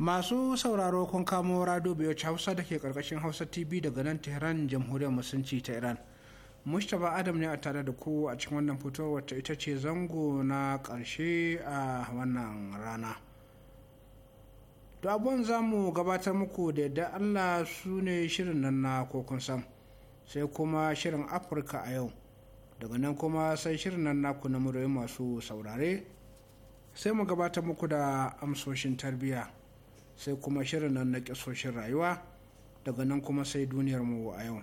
masu sauraro kun kamo rado biyu hausa da ke karkashin hausa tv daga nan tehran jamhuriyar musulunci ta iran mustapha adam ne a tare da ku a cikin wannan fitowar ta ita ce zango na karshe a wannan rana to abuwan za mu gabatar muku da yadda allah su ne shirin nan na kokun san sai kuma shirin afirka a yau daga nan kuma sai shirin nan naku na muryoyi masu saurare sai mu gabatar muku da amsoshin tarbiyya sai kuma shirin nan na kisoshin rayuwa daga nan kuma sai duniyar mu a yau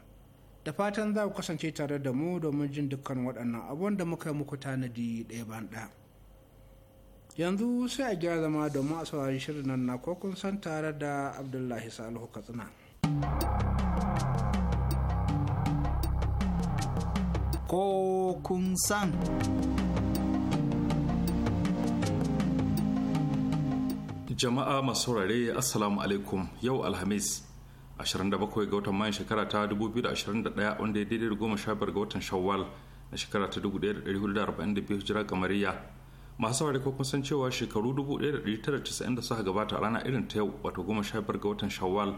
da fatan za ku kasance tare da mu domin jin dukkan waɗannan abubuwan da muka muku tanadi ɗaya ban yanzu sai a gyara zama domin a saurari shirin nan na ko kun san tare da abdullahi salihu katsina ko kun san jama'a masu saurare assalamu alaikum yau alhamis 27 ga watan mayan shekara ta 2021 wanda ya daidai da goma sha biyar ga watan shawwal na shekara ta 1442 hijira kamariya masu saurari ko san cewa shekaru 1990 da suka gabata a rana irin ta yau wato goma sha biyar ga watan shawwal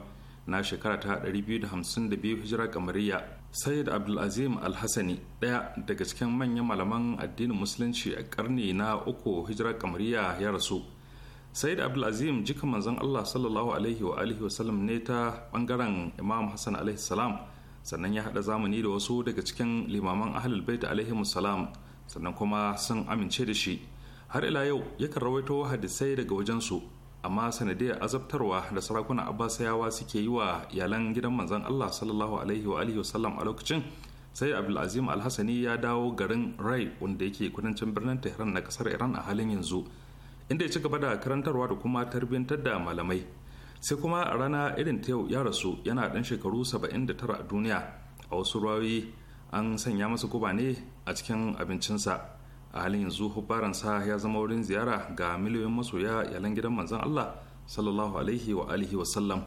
na shekara ta 252 hijira kamariya sayyid abdulazim alhassani daya daga cikin manyan malaman addinin musulunci a karni na uku hijira kamariya ya rasu said abdulazim jika manzon allah sallallahu alaihi wa alihi sallam ne ta bangaren imam hassan alaihi salam sannan ya haɗa zamani da wasu daga cikin limaman ahlul bait alaihi salam sannan kuma sun amince da shi har ila yau yakan rawaito hadisai daga wajensu amma sanadiyar azabtarwa da sarakuna abbasayawa suke yi wa iyalan gidan manzon allah sallallahu alaihi wa alihi a lokacin sai abdulazim alhassani ya dawo garin rai wanda yake kudancin birnin tehran na kasar iran a halin yanzu inda ya ci gaba da karantarwa da kuma tarbiyyantar da malamai sai kuma a rana irin ta yau ya rasu yana dan shekaru 79 a duniya a wasu rawi an sanya masa guba ne a cikin abincinsa a halin yanzu hubbaransa ya zama wurin ziyara ga miliyoyin masoya yalan gidan manzon Allah sallallahu alaihi wa alihi wa sallam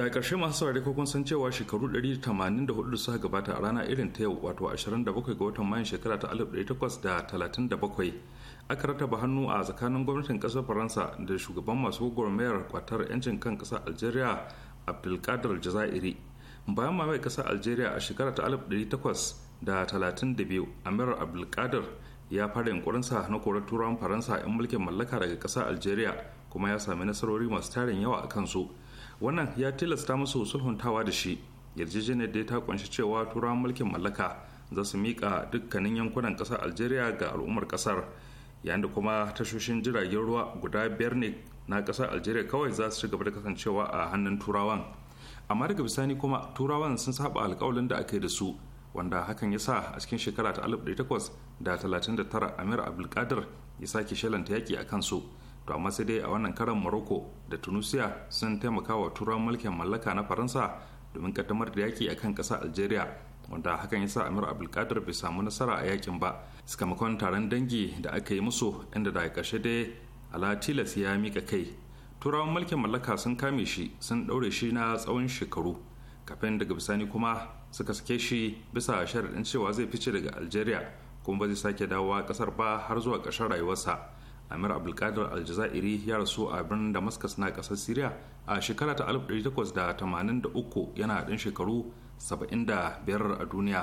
da ƙarshe masu saurari kun san cewa shekaru 184 da suka gabata a rana irin ta yau wato 27 ga watan mayan shekara ta 1837 aka rataba hannu a tsakanin gwamnatin ƙasar faransa da shugaban masu gwagwarmayar kwatar 'yancin kan ƙasar algeria abdulkadir jazairi bayan mamaye ƙasar algeria a shekara ta 1832 amir abdulkadir ya fara yunkurinsa na korar turawan faransa 'yan mulkin mallaka daga ƙasar algeria kuma ya sami nasarori masu tarin yawa a kansu wannan ya tilasta musu sulhuntawa da shi yarjejeniyar da ta kunshi cewa turawan mulkin mallaka za su miƙa dukkanin yankunan ƙasar algeria ga al'ummar ƙasar yayin da kuma tashoshin jiragen ruwa guda biyar ne na ƙasar algeria kawai za su ci gaba da kasancewa a hannun turawan amma daga bisani kuma turawan sun saba alƙawalin da aka yi da su wanda hakan ya sa a cikin shekara ta 1839 amir abdulkadir ya sake shalanta yaƙi a kansu to amma sai dai a wannan karan morocco da tunisia sun taimaka wa turawan mulkin mallaka na faransa domin kaddamar da yaki akan ƙasa algeria wanda hakan yasa amir abdulkadir bai samu nasara a yakin ba sakamakon taron dangi da aka yi musu inda da kashe dai ala tilas ya mika kai turawan mulkin mallaka sun kame shi sun ɗaure shi na tsawon shekaru kafin daga bisani kuma suka sake shi bisa sharaɗin cewa zai fice daga algeria kuma ba zai sake dawowa ƙasar ba har zuwa ƙarshen rayuwarsa amir abdulkadir aljazairi ya rasu a birnin damascus na kasar syria a shekara ta 1883 yana ɗan shekaru 75 a duniya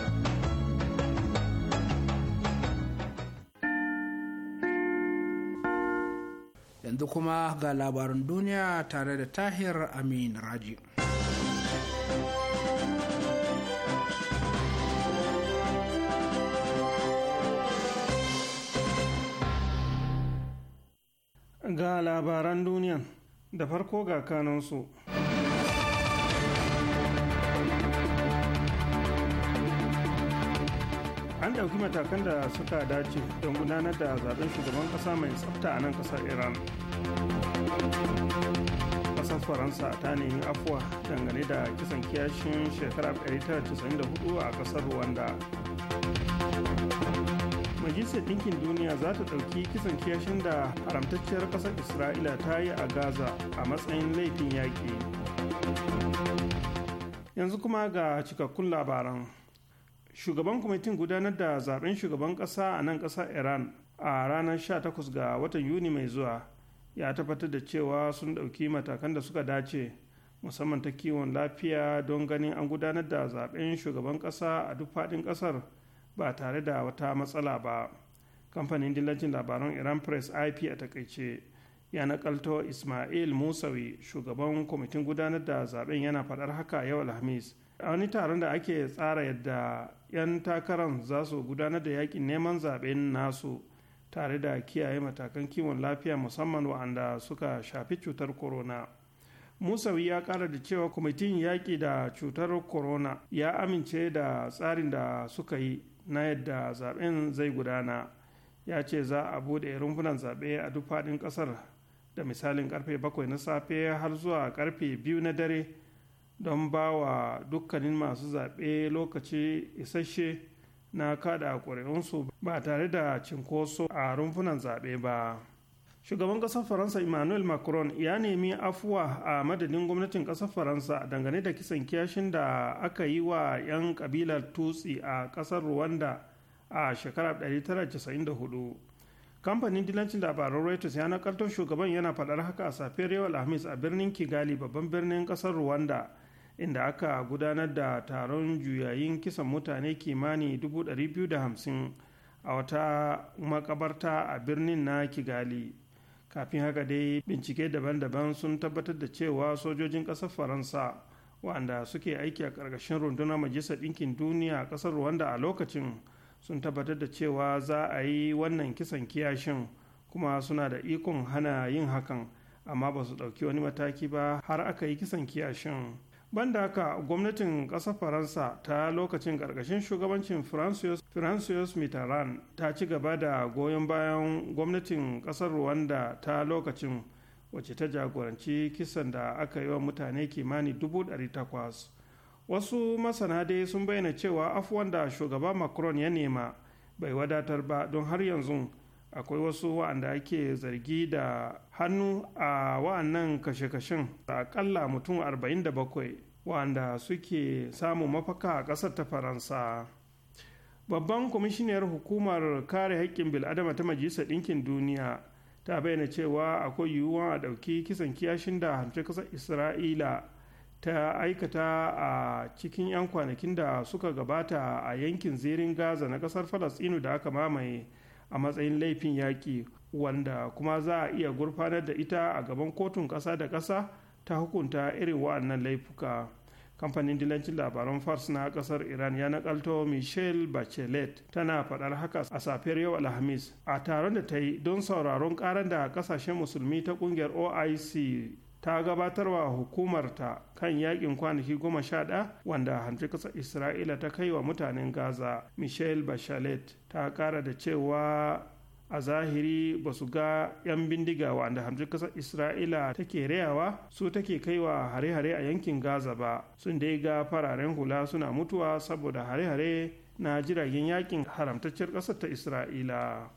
yanzu kuma ga labarin duniya tare da tahir amin raji ga labaran duniya da farko ga kanansu an ɗauki matakan da suka dace don gudanar da zaben shugaban kasa mai tsafta a nan ƙasar iran Ƙasar faransa ta nemi afuwa dangane da kisan kiyashin shekarar 1994 a ƙasar rwanda majalisar ɗinkin duniya za ta ɗauki kisan kiyashin da haramtacciyar ƙasar isra'ila ta yi a gaza a matsayin laifin yaƙi yanzu kuma ga cikakkun labaran shugaban kwamitin gudanar da zaben shugaban ƙasa a nan ƙasar iran a ranar 18 ga watan yuni mai zuwa ya tabbatar da cewa sun ɗauki matakan da suka dace musamman ta kiwon lafiya don ganin an gudanar da zaben shugaban ƙasa a duk faɗin ƙasar ba tare da wata matsala ba kamfanin dillacin labaran iran press ip a takaice ya nakalto ismail musawi shugaban kwamitin gudanar da zaben yana faɗar haka yau alhamis a wani taron da ake tsara yadda 'yan takaran za su gudanar da yakin neman zaben nasu tare da kiyaye matakan kiwon lafiya musamman wa'anda suka shafi cutar corona musawi ya kara da cewa kwamitin yaƙi da cutar corona ya amince da tsarin da suka yi na yadda zaben zai gudana ya ce za a buɗe rumfunan zaɓe a duk faɗin ƙasar da misalin karfe 7 na safe har zuwa karfe 2 na dare don ba wa dukkanin masu zaɓe lokaci isasshe na kada ƙuri'unsu ba tare da cinkoso a rumfunan zaɓe ba shugaban ƙasar faransa emmanuel macron ya nemi afuwa a madadin gwamnatin ƙasar faransa dangane da kisan kiyashin da aka yi wa 'yan ƙabilar tutsi a ƙasar rwanda a shekarar 1994 kamfanin dilancin labarun reuters ya nakaltar shugaban yana faɗar haka a safiyar yau alhamis a birnin kigali babban birnin ƙasar rwanda inda aka gudanar da taron juyayin kisan mutane kimani 250 a wata makabarta a birnin na kigali kafin haka dai bincike daban-daban sun tabbatar da cewa sojojin ƙasar faransa wanda suke aiki a ƙarƙashin rundunar majalisar ɗinkin duniya a ƙasar rwanda a lokacin sun tabbatar da cewa za a yi wannan kisan kiyashin kuma suna da ikon hana yin hakan amma ba su ɗauki wani mataki ba har aka yi kisan kiyashin. banda haka gwamnatin ƙasar faransa ta lokacin ƙarƙashin shugabancin francois mitterrand ta ci gaba da goyon bayan gwamnatin ƙasar rwanda ta lokacin wacce ta jagoranci kisan da aka yi wa mutane kimani 800 wasu masana dai sun bayyana cewa afuwan da shugaba macron ya nema bai wadatar ba don har yanzu akwai wasu wa'anda ake zargi da hannu a wa'annan kashe-kashen da akalla mutum 47 wa'anda suke samun mafaka a ƙasar ta faransa babban kwamishiniyar hukumar kare haƙƙin bil'adama ta majalisar ɗinkin duniya ta bayyana cewa akwai yiwuwa a ɗauki kisan kiyashin da hamshe ƙasar isra'ila ta aikata a cikin 'yan kwanakin da suka gabata a yankin zirin gaza na ƙasar falasɗinu da aka mamaye a matsayin laifin yaƙi wanda kuma za a iya gurfanar da ita a gaban kotun ƙasa da ƙasa ta hukunta irin wa'annan laifuka kamfanin dilancin labaran fars na ƙasar iran ya nakalto michelle bachelet tana faɗar haka a safiyar yau alhamis a taron da ta yi don sauraron ƙaran da ƙasashen musulmi ta ƙungiyar oic ta gabatarwa hukumarta kan yakin kwanaki goma sha ɗaya wanda hamshe ƙasar isra'ila ta kai wa mutanen gaza michelle bachelet ta ƙara da cewa a zahiri ba su ga 'yan bindiga wanda hamshe ƙasar isra'ila take rayawa su take kaiwa hare-hare a yankin gaza ba sun dai ga fararen hula suna mutuwa saboda hare-hare na jiragen yakin haramtacciyar ƙasar ta isra'ila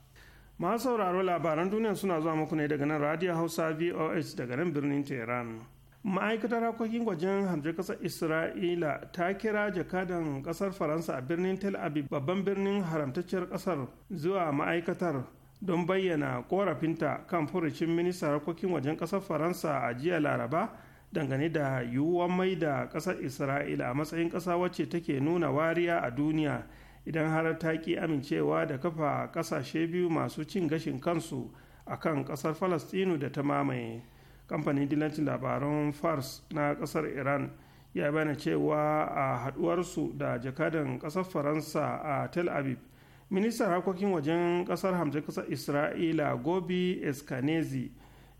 masu sauraro labaran duniya suna zuwa muku ne daga nan radio hausa VOS daga nan birnin tehran ma'aikatar harkokin wajen hamshe kasar isra'ila ta kira jakadan ƙasar faransa a birnin tel aviv babban birnin haramtacciyar ƙasar zuwa ma'aikatar don bayyana korafinta kan furucin ministan harkokin wajen ƙasar faransa a jiya laraba dangane da yiwuwar mai da ƙasar isra'ila a matsayin ƙasa wacce take nuna wariya a duniya idan har ta ki amincewa da kafa ƙasashe biyu masu cin gashin kansu a kan ƙasar falastinu da ta mamaye kamfanin dilancin labaran fars na ƙasar iran ya bayyana cewa a haɗuwarsu da jakadan ƙasar faransa a tel aviv ministan harkokin wajen ƙasar hamshe ƙasar isra'ila gobi eskanezi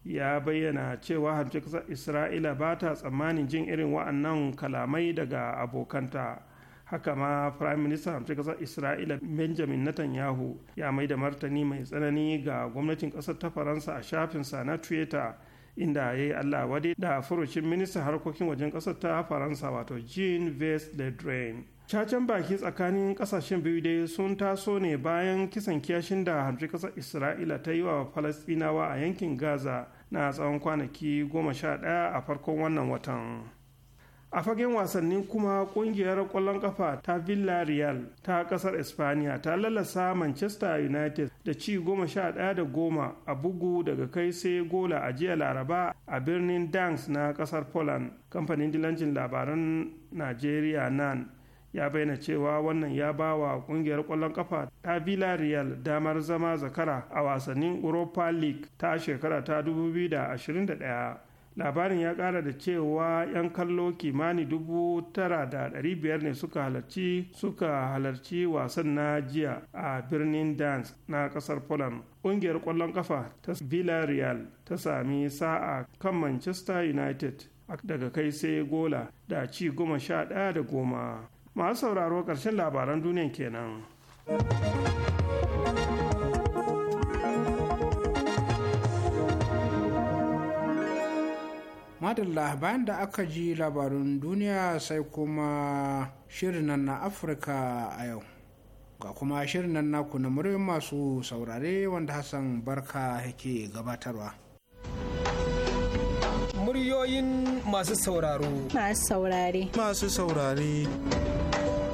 ya bayyana cewa hamshe ƙasar isra'ila ba ta tsammanin jin irin wa'annan kalamai daga abokanta. haka ma prime minister hamshe kasar isra'ila benjamin netanyahu ya mai da martani mai tsanani ga gwamnatin kasar ta faransa a shafinsa na twitter inda ya yi allah wade da furucin ministan harkokin wajen kasar ta faransa wato jean vest le drain cacen baki tsakanin kasashen biyu dai sun taso ne bayan kisan kiyashin da hamshe kasar isra'ila ta yi wa falasɗinawa a yankin gaza na tsawon kwanaki goma sha ɗaya a farkon wannan watan a fagen wasannin kuma kungiyar kwallon kafa ta villarreal ta kasar espaniya ta lalasa manchester united da ci goma sha ɗaya da goma a bugu daga kai sai gola a jiya laraba a birnin danks na kasar poland kamfanin dilancin labaran nigeria nan ya bayyana cewa wannan ya ba wa kungiyar kwallon kafa ta villarreal damar zama zakara a wasannin europa league ta shekara ta 2021 labarin ya kara da cewa 'yan kallo kimani dubu tara da ɗari biyar ne suka halarci suka halarci wasan na jiya a birnin dance na ƙasar poland ƙungiyar ƙwallon kafa ta villarreal ta sami sa'a kan manchester united daga kai sai gola da ci goma sha ɗaya da goma masu sauraro ƙarshen labaran duniya kenan. madalla bayan da aka ji labarun duniya sai kuma shirin nan na afirka a yau ga kuma shirin nan naku na muryoyin masu saurare wanda hassan barka yake gabatarwa muryoyin masu sauraro masu saurare masu saurare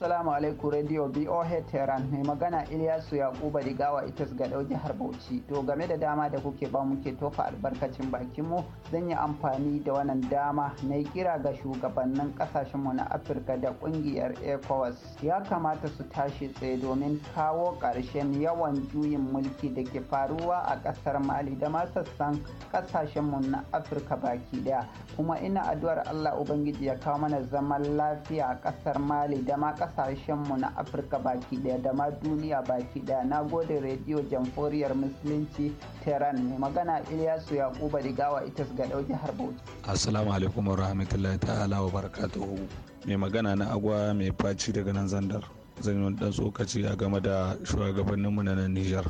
Assalamu alaikum Radio BOH Tehran mai magana Ilyasu Yakuba Rigawa ita ga ɗau jihar Bauchi. To game da dama da kuke ba muke tofa albarkacin bakin mu zan yi amfani da wannan dama na kira ga shugabannin kasashen mu na Afirka da kungiyar ECOWAS. Ya kamata su tashi tsaye domin kawo ƙarshen yawan juyin mulki da ke faruwa a ƙasar Mali da ma sassan kasashen na Afirka baki daya. Kuma ina addu'ar Allah Ubangiji ya kawo mana zaman lafiya a ƙasar Mali da ma kasashenmu na afirka baki daya da ma duniya baki daya na gode rediyo jamforiyar musulunci tehran mai magana ilyasu yakuba digawa ita ga dauki har bauchi assalamu alaikum wa rahmatullahi ta'ala wa barakatuhu mai magana na agwa mai faci daga nan zandar zan yi dan tsokaci a game da shugabanninmu na nan nijar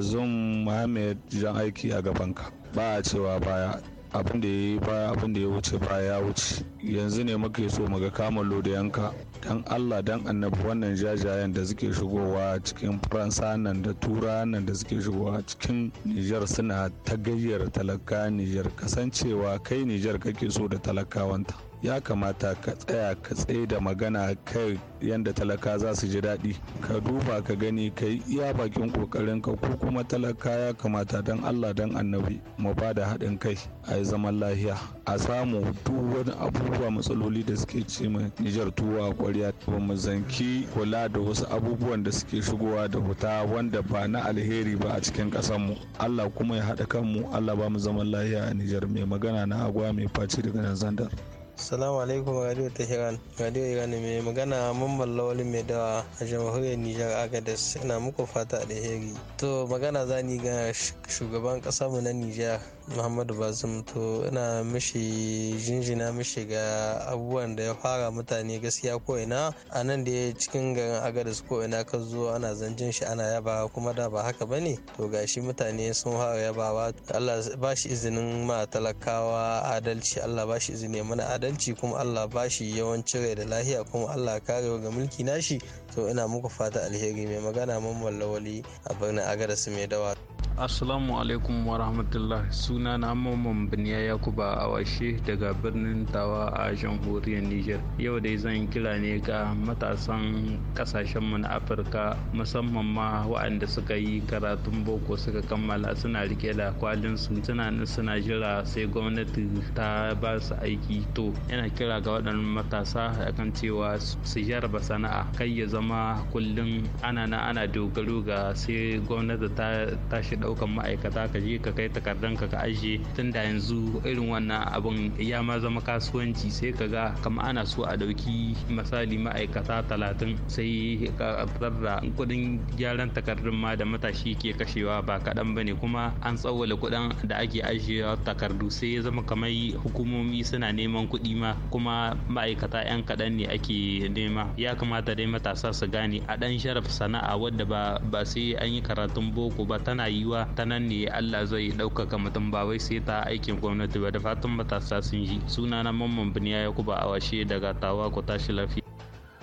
zan mahammed jan aiki a gabanka ba a cewa baya abin da ya yi baya abin da ya wuce baya ya wuce yanzu ne muke so mu ga kamun yanka dan allah dan annabi wannan jajayen da suke shigowa cikin faransa nan da tura nan da suke shigowa cikin nijar suna ta gayyar talaka nijar kasancewa kai nijar kake so da talakawanta ya kamata ka tsaya ka tsaye da magana kai yadda talaka za su ji daɗi ka duba ka gani ka yi iya bakin kokarin ka ko kuma talaka ya kamata don allah don annabi mu ba da haɗin kai a yi zaman lahiya a samu duk wani abubuwa matsaloli da suke ci mai nijar tuwa ƙwarya ba mu zanki kula da wasu abubuwan da suke shigowa da wuta wanda ba na alheri ba a cikin mu allah kuma ya haɗa kanmu allah ba mu zaman lahiya a nijar mai magana na agwa mai face daga nan zandar Salamu alaikum Radio Tehran, Radio Iran mai magana mamman lawali mai dawa a jamhuriyar Nijar Agadez ina muku fata da heri To magana zani ga shugaban mu na niger. muhammadu bazum to ina mishi jinjina mishi ga abubuwan da ya fara mutane gaskiya ko ina a nan da ya cikin garin agadis ko ina ka zo ana zancen shi ana yaba kuma da ba haka bane to gashi mutane sun fara yabawa allah ba shi izinin ma talakawa adalci allah ba shi izini mana adalci kuma allah ba shi yawancin rai da lahiya kuma allah kare ga mulki nashi to ina muku fata alheri mai magana mamman lawali a birnin agadis mai dawa. Assalamu alaikum wa rahmatullah suna na Mamman Biniya Yakuba washe daga birnin Tawa a jamhuriyar Nijar. Yau dai zan kira ne ga matasan kasashenmu na Afirka musamman ma waɗanda suka yi karatun boko suka kammala suna rike da kwalin su suna suna jira sai gwamnati ta ba su aiki to yana kira ga waɗannan matasa akan cewa su jarba sana'a kai ya zama kullum ana na ana dogaro ga sai gwamnati ta tashi daukan ma'aikata ka je ka kai takardan ka ajiye tun da yanzu irin wannan abun ya ma zama kasuwanci sai ka ga kama ana so a dauki misali ma'aikata talatin sai ka da kudin gyaran takardun ma da matashi ke kashewa ba kaɗan ba ne kuma an tsawwala kudin da ake ajiyewa takardu sai ya zama kamar hukumomi suna neman kuɗi ma kuma ma'aikata 'yan kaɗan ne ake nema ya kamata dai matasa su gane a ɗan sharaf sana'a wadda ba sai an yi karatun boko ba tana yiwa kasuwa ta nan ne Allah zai ɗaukaka mutum ba wai sai ta aikin gwamnati ba da fatan matasa sun ji sunana mamman biniya ya kuba awashe daga tawa ku tashi lafiya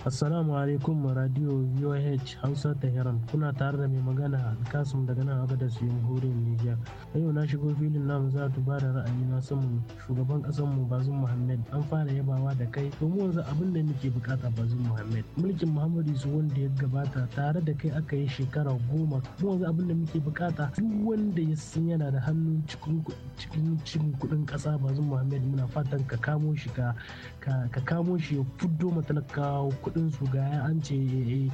Assalamu alaikum radio VOH Hausa Tehran kuna tare da mai magana Alkasum daga nan Agadez Jamhuriyar Nijar. A yau na shigo filin namu za ta ba da ra'ayi na samu shugaban kasar mu Bazum Muhammad an fara yabawa da kai domin yanzu abin da muke bukata Bazum Muhammad. Mulkin Muhammadu su wanda ya gabata tare da kai aka yi shekara goma mu yanzu abin da muke bukata duk wanda ya san yana da hannu cikin cikin kudin kasa Bazum Muhammad muna fatan ka kamo shi ka ka kamo shi ya fuddo kawo kuɗin su ga an ce eh,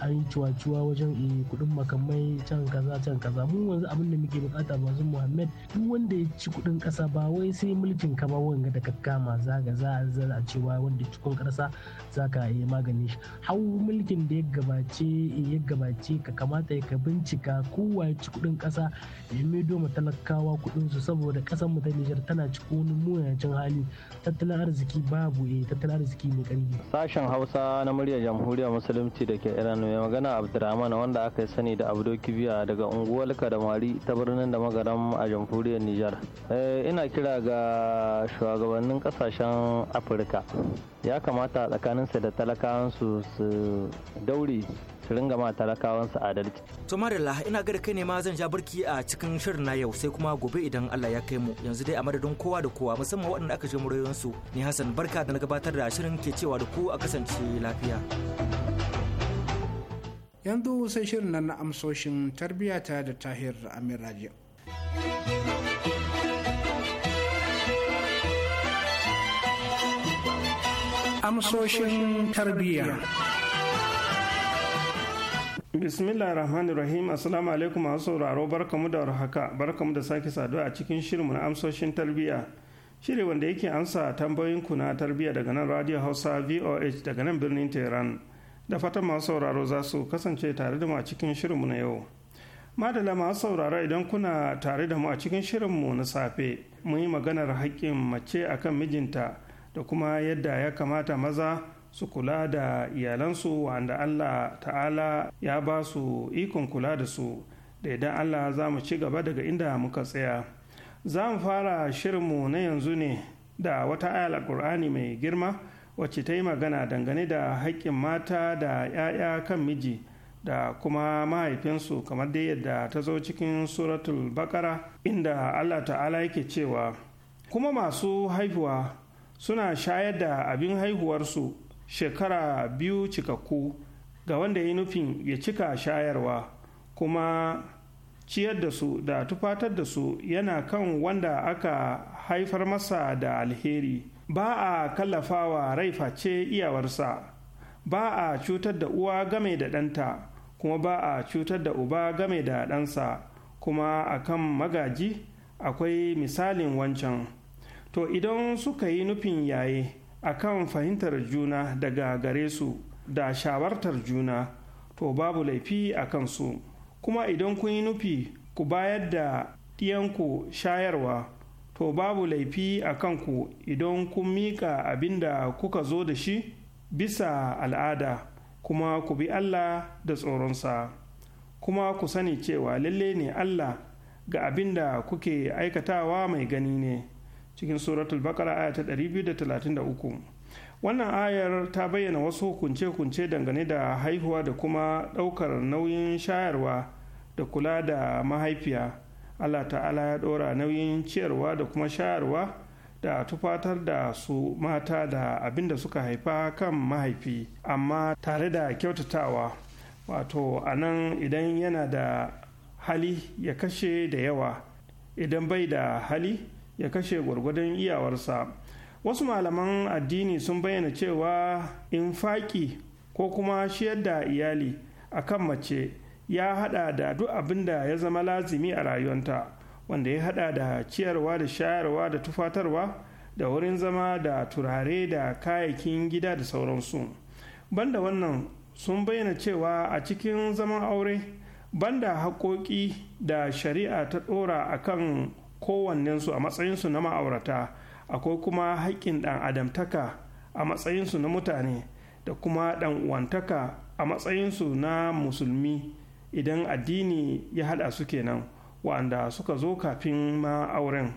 an yi cuwa wajen eh, kudin makamai can kaza can kaza mu wanzu abin da muke bukata ba su muhammad duk wanda ya ci kudin kasa ba wai sai mulkin ka wanga da ka kama za za a cewa wanda ci kuɗin za ka yi magani shi hau mulkin da ya gabace ya gabace ka kamata ka bincika kowa ya ci kudin kasa ya maido talakawa kudin su saboda kasan mu ta Nijar tana cikin wani muyacin hali tattalin arziki ba buɗe tattalin arziki mai ƙarfi. Sashen Hausa na muryar Jamhuriyar Musulunci da ke Iran mai magana abdulrahman wanda aka sani da Abdo Kibiya daga unguwar Kadamari ta birnin da magaram a Jamhuriyar Nijar. Eh, ina kira ga shugabannin kasashen Afirka. Ya kamata tsakaninsu da talakawansu su daure su ringa ma su adalci. to ina ga da kai ne ma zan ja barki a cikin shirin na yau sai kuma gobe idan allah ya kai mu yanzu dai a madadin kowa da kowa musamman waɗanda aka je su ni hassan barka da na gabatar da shirin ke cewa da ku a kasance lafiya. yanzu sai shirin nan na amsoshin tarbiyata da tahir Amir raji amsoshin tarbiyya bismillah rahman rahim assalamu alaikum masu sauraro barkamu da warhaka barkamu da sake saduwa a cikin shirin na amsoshin tarbiyya shiri wanda yake amsa tambayoyin ku na tarbiyya daga nan radio hausa voh daga nan birnin tehran da fatan masu sauraro za su kasance tare da mu a cikin shirinmu na yau madala masu sauraro idan kuna tare da mu a cikin shirin mu na safe mun yi maganar haƙƙin mace akan mijinta da kuma yadda ya kamata maza su kula da iyalansu wanda Allah ta'ala ya ba su ikon kula da su da idan Allah za mu ci gaba daga inda muka tsaya za mu fara shirinmu na yanzu ne da wata ayal alkur'ani mai girma wacce ta yi magana dangane da haƙƙin mata da 'ya'ya kan miji da kuma mahaifinsu kamar dai yadda ta zo cikin suratul bakara inda Allah ta'ala yake cewa kuma masu haihuwa suna shayar da abin haihuwarsu shekara biyu cikakku ga wanda ya nufin ya cika shayarwa kuma ciyar da su da tufatar da su yana kan wanda aka haifar masa da alheri ba a kallafawa rai face iyawarsa ba a cutar da uwa game da ɗanta kuma ba a cutar da uba game da ɗansa kuma a kan magaji akwai misalin wancan to idan suka yi nufin yaye akan fahimtar juna daga gare su da shawartar juna to babu laifi a kansu kuma idan kun yi nufi ku bayar da ɗiyanku shayarwa to babu laifi a kanku idan kun miƙa abin da kuka zo da shi bisa al'ada kuma ku bi Allah da tsoronsa kuma ku sani cewa lalle ne Allah ga abin da kuke aikatawa mai gani ne cikin suratul bakara aya ta 233 wannan ayar ta bayyana wasu hukunce-hukunce dangane da haihuwa da kuma ɗaukar nauyin shayarwa da kula da mahaifiya allah ta'ala ya ɗora nauyin ciyarwa da kuma shayarwa da tufatar da su mata da abin da suka haifa kan mahaifi amma tare da kyautatawa wato a nan idan yana da hali ya kashe da yawa idan bai da hali ya kashe gwargwadon iyawarsa wasu malaman addini sun bayyana cewa in faƙi ko kuma shiyar da iyali a kan mace ya hada da duk abin da ya zama lazimi a rayuwanta wanda ya hada da ciyarwa da shayarwa da tufatarwa da wurin zama da turare da kayayyakin gida da sauransu banda wannan sun bayyana cewa a cikin zaman aure banda haƙoƙi da shari'a ta ɗora a kan. kowannensu a matsayinsu na ma'aurata akwai kuma haƙƙin ɗan adamtaka a matsayinsu na mutane da kuma ɗan uwantaka a matsayinsu na musulmi idan addini ya haɗa su kenan wa'anda suka zo kafin ma auren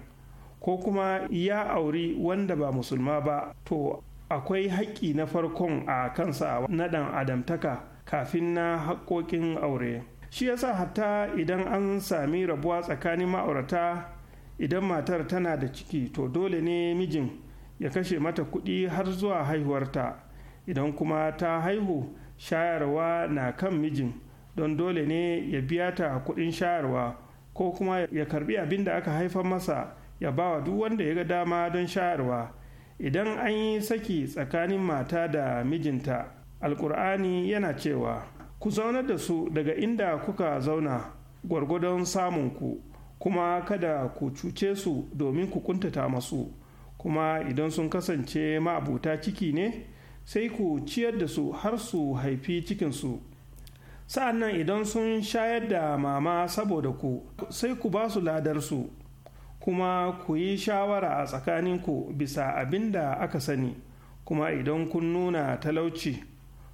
ko kuma ya auri wanda ba musulma ba to akwai haƙƙi na farkon a kansa na ɗan adamtaka kafin na haƙƙoƙin aure shi yasa hatta idan an sami rabuwa tsakanin ma'aurata idan matar tana da ciki to dole ne mijin ya kashe mata kuɗi har zuwa haihuwarta idan kuma ta haihu shayarwa na kan mijin don dole ne ya biya ta kuɗin shayarwa ko kuma ya karbi abin da aka haifar masa ya bawa duk wanda ya ga dama don shayarwa idan an yi saki tsakanin mata da mijinta alkur'ani yana cewa ku zaunar da su daga inda kuka zauna gwargwadon samunku kuma kada ku cuce su domin ku kuntata masu kuma idan sun kasance ma'abuta ciki ne sai ku ciyar da su har su haifi cikinsu sa'an nan idan sun shayar da mama saboda ku sai ku ba su ladarsu kuma ku yi shawara a tsakaninku bisa abin da aka sani kuma idan kun nuna talauci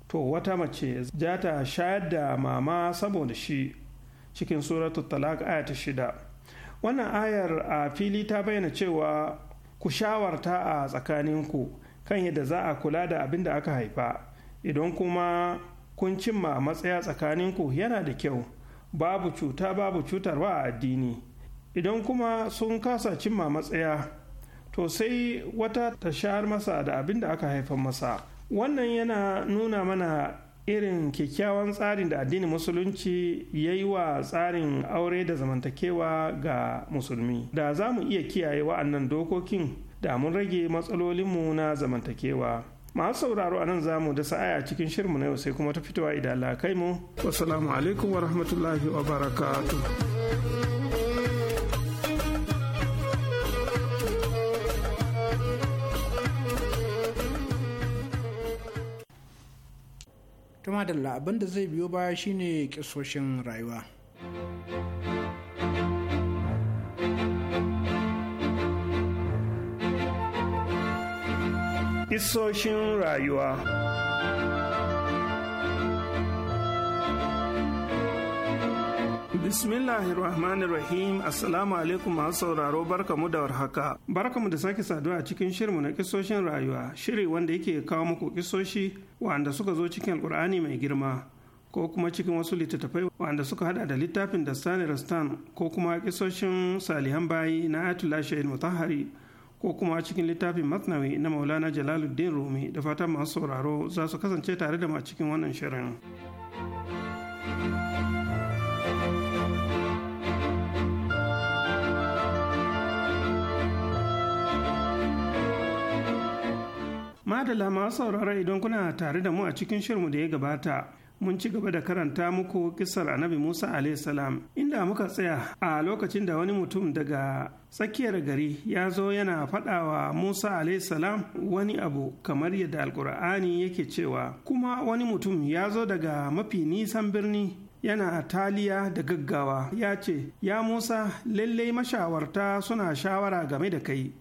to wata mace za ta shayar da mama saboda shi cikin suratul talak aya ta shida wannan ayar a fili ta bayyana cewa ku shawarta a tsakaninku kan yadda za a kula da abin da aka haifa idan kuma kun cimma matsaya tsakaninku yana da kyau babu cuta babu cutarwa a addini idan kuma sun kasa cimma matsaya to sai wata ta shahar masa da abin da aka haifar masa wannan yana nuna mana irin kyakkyawan tsarin da addinin musulunci ya yi wa tsarin aure da zamantakewa ga musulmi da za mu iya kiyaye wa'annan dokokin da mun rage matsalolinmu na zamantakewa masu sauraro a nan za mu da sa'aya cikin shirmu na yau sai kuma ta fitowa idan lakai kai mu wasu alaikum wa rahmatullahi wa barakatuh kama da abin da zai biyo baya shine kisoshin rayuwa Kisoshin rayuwa rahim Assalamu alaikum masu sauraro barkamu da warhaka. Barkamu da sake saduwa a cikin shirmu na kisoshin rayuwa, shiri wanda yake kawo muku kisoshi wanda suka zo cikin alkur'ani mai girma ko kuma cikin wasu littattafai wanda suka hada da littafin da Stanley Rastan ko kuma kisoshin Salihan Bayi na Atula Shahid Mutahari ko kuma cikin littafin Matnawi na Maulana Jalaluddin Rumi da fatan masu sauraro za su kasance tare da mu cikin wannan shirin. madala masu saurara idan kuna tare da mu a cikin shirmu da ya gabata mun ci gaba da karanta muku kisar annabi musa salam inda muka tsaya a lokacin da wani mutum daga tsakiyar gari ya zo yana faɗawa musa salam wani abu kamar yadda alkur'ani yake cewa kuma wani mutum ya zo daga mafi nisan birni yana taliya da gaggawa ya ce ya musa lallai mashawarta suna shawara game da kai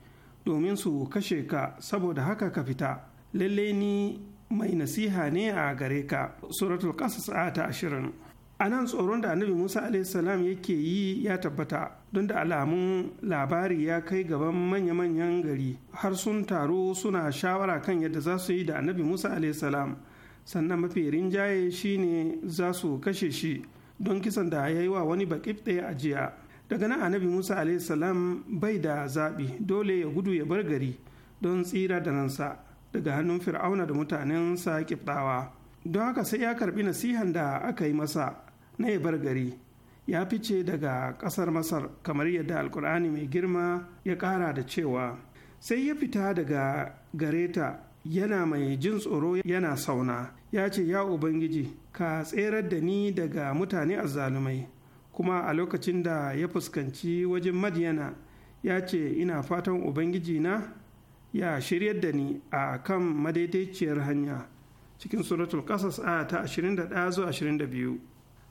domin su kashe ka saboda haka ka fita lalle ni mai nasiha ne a gare ka suratul qasas ta ashirin a nan tsoron da annabi musa salam yake yi ya tabbata don da alamun labari ya kai gaban manya-manyan gari har sun taro suna shawara kan yadda za su yi da annabi musa salam sannan mafi rinjaye shine za su kashe shi don kisan da ya yi wa wani baƙi ɗaya a jiya daga nan annabi musa salam bai da zaɓi dole ya gudu ya bar gari don tsira da ransa daga hannun fir'auna da mutanen sa kiftawa don haka sai ya karbi nasihan da aka yi masa na ya bar gari ya fice daga ƙasar masar kamar yadda alkur'ani mai girma ya ƙara da cewa sai ya fita daga gareta yana mai jin tsoro yana sauna ya ce ya ubangiji ka tserar da ni daga mutane azzalumai kuma a lokacin da ya fuskanci wajen madiyana ya ce ina fatan ubangiji na ya shiryar da ni a kan madaidaiciyar hanya cikin suratul kasas a ta 21 zuwa 22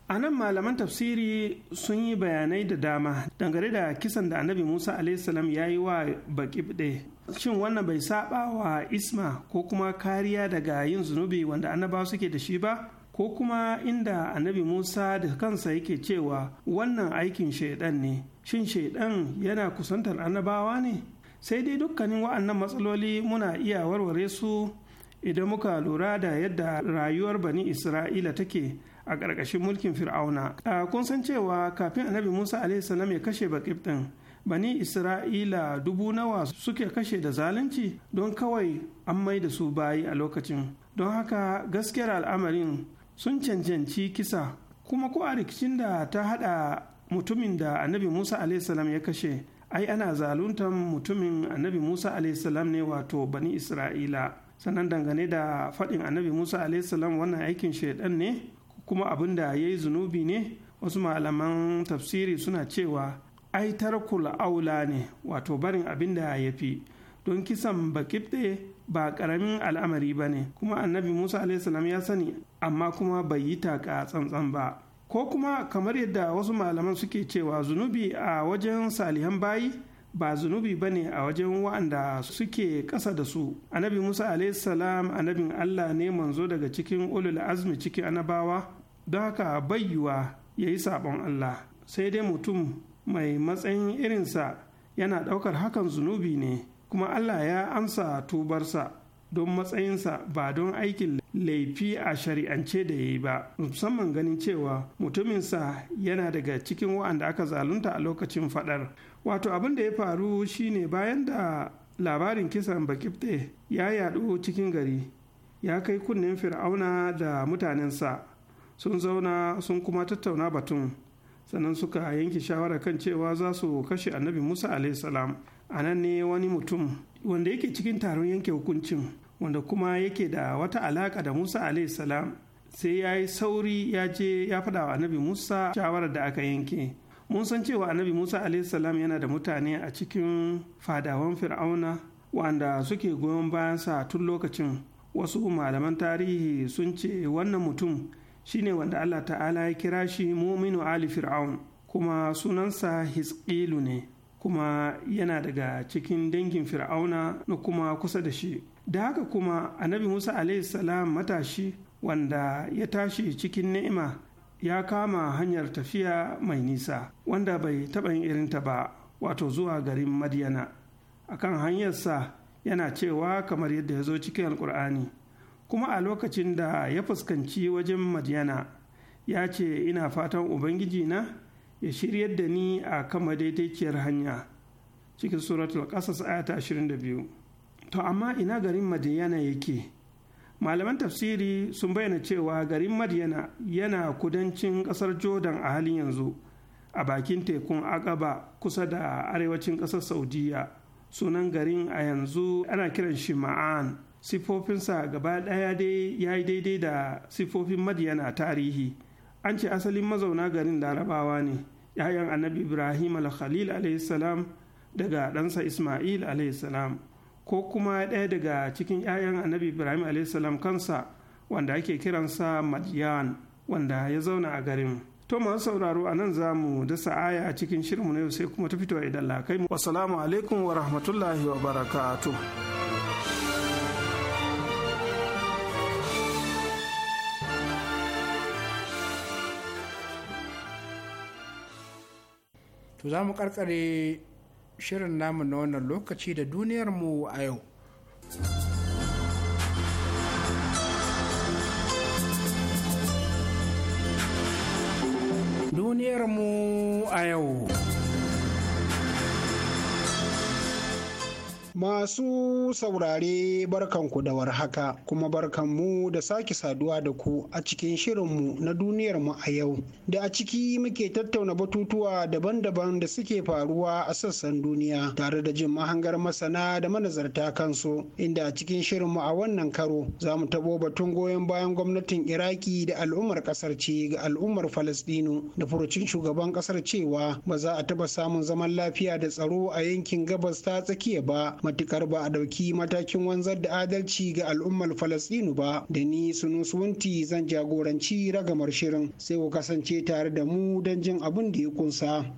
a nan malaman tafsiri sun yi bayanai da dama dangane da kisan da annabi musa salam ya yi wa baki ɗaya shin wannan bai saba wa isma ko kuma kariya daga yin zunubi wanda annabawa suke da shi ba ko kuma inda annabi Musa da kansa yake cewa wannan aikin shaidan ne shin shaidan yana kusantar annabawa ne sai dai dukkanin wa'annan matsaloli muna iya warware su idan muka lura da yadda rayuwar bani isra'ila take a ƙarƙashin mulkin fir'auna a kun san cewa kafin annabi musa salam ya kashe baƙib bani isra'ila dubu nawa suke kashe da zalunci don kawai an mai da su bayi a lokacin don haka gaskiyar al'amarin sun cancanci kisa kuma ko a rikicin da ta hada mutumin da annabi musa alaihissalam ya kashe ai ana zaluntar mutumin annabi musa alaihissalam ne wato bani isra'ila sannan dangane da faɗin annabi musa alaihissalam wannan aikin shaidan ne kuma abin da ya yi zunubi ne wasu malaman tafsiri suna cewa ai tarkul aula ne wato barin abin da ya fi don kisan bakifte ba karamin al'amari ba ne kuma annabi musa alaihissalam ya sani amma kuma bai yi taka tsantsan ba ko kuma kamar yadda wasu malaman suke cewa zunubi a wajen salihan bayi ba zunubi ba ne a wajen wa'anda suke ƙasa da su annabi musa salam annabin allah ne manzo daga cikin ulul azmi ciki anabawa don haka bayyuwa ya yi saɓon allah sai dai mutum mai matsayin irinsa yana ɗaukar hakan zunubi ne kuma allah ya amsa tubarsa don matsayinsa ba don aikin laifi a shari'ance da ya yi ba musamman ganin cewa mutuminsa yana daga cikin wa'anda aka zalunta a lokacin fadar wato abin da ya faru shine bayan da labarin kisan bakifte ya yadu cikin gari ya kai kunnen fir'auna da mutanensa sun zauna sun kuma tattauna batun sannan suka yanke shawara kan cewa za su kashe annabi musa salam a nan ne wani mutum wanda yake cikin taron yanke hukuncin wanda kuma yake da wata alaka da musa salam sai ya yi sauri ya je ya faɗa wa annabi musa shawarar da aka yanke mun san cewa annabi musa salam yana da mutane a cikin fadawan fir'auna wanda suke goyon bayansa tun lokacin wasu malaman tarihi sun ce wannan mutum shine wanda allah ta'ala ya kira shi muminu ali fir'aun kuma sunansa hisqilu ne kuma yana daga cikin dangin fir'auna na kuma kusa da shi da haka kuma annabi musa salam matashi wanda ya tashi cikin ni'ima ya kama hanyar tafiya mai nisa wanda bai taɓa yin irinta ba wato zuwa garin madiyana akan hanyarsa yana cewa kamar yadda ya zo cikin alkur'ani kuma a lokacin da ya fuskanci wajen madiyana ya ce ina fatan ubangiji na ya shirya da ni a kama daidaiciyar hanya cikin suratul ƙasas ayata 22 to amma ina garin madiyana yake malaman tafsiri sun bayyana cewa garin madiyana yana kudancin kasar jordan a halin yanzu a bakin tekun agaba kusa da arewacin kasar saudiya sunan garin a yanzu ana kiran shi ma'an sifofinsa gaba ɗaya dai ya yi daidai da sifofin madiyana a tarihi an ce asalin mazauna garin larabawa ne 'ya'yan annabi ibrahim al-khalil daga ɗansa ismail salam ko kuma ɗaya daga cikin 'ya'yan annabi ibrahim a.s. kansa wanda ake kiransa madiyan wanda ya zauna a garin to masu sauraro a nan za mu dasa aya a cikin shirinmu na yau sai kuma ta fito idan lakai mu wasalamu alaikum wa rahmatullahi wa barakatu. to za mu karkare shirin namu na wannan lokaci da duniyarmu a yau. Duniyarmu a yau. Masu saurare barkanku da warhaka kuma barkanmu da sake saduwa da ku a cikin shirinmu na duniyar mu a yau. Da a ciki muke tattauna batutuwa daban-daban da suke faruwa a sassan duniya tare da jin mahangar masana da manazarta kansu inda a cikin shirinmu a wannan karo za mu tabo batun goyon bayan gwamnatin Iraki da al'ummar kasar ce ga al'ummar Falastinu da furucin shugaban kasar cewa ba za a taɓa samun zaman lafiya da tsaro a yankin gabas ta tsakiya ba matukar ba a ɗauki matakin wanzar da adalci ga al'ummar falastinu ba da ni sunusunti zan jagoranci ragamar shirin sai ku kasance tare da mu don jin abin da ya kunsa.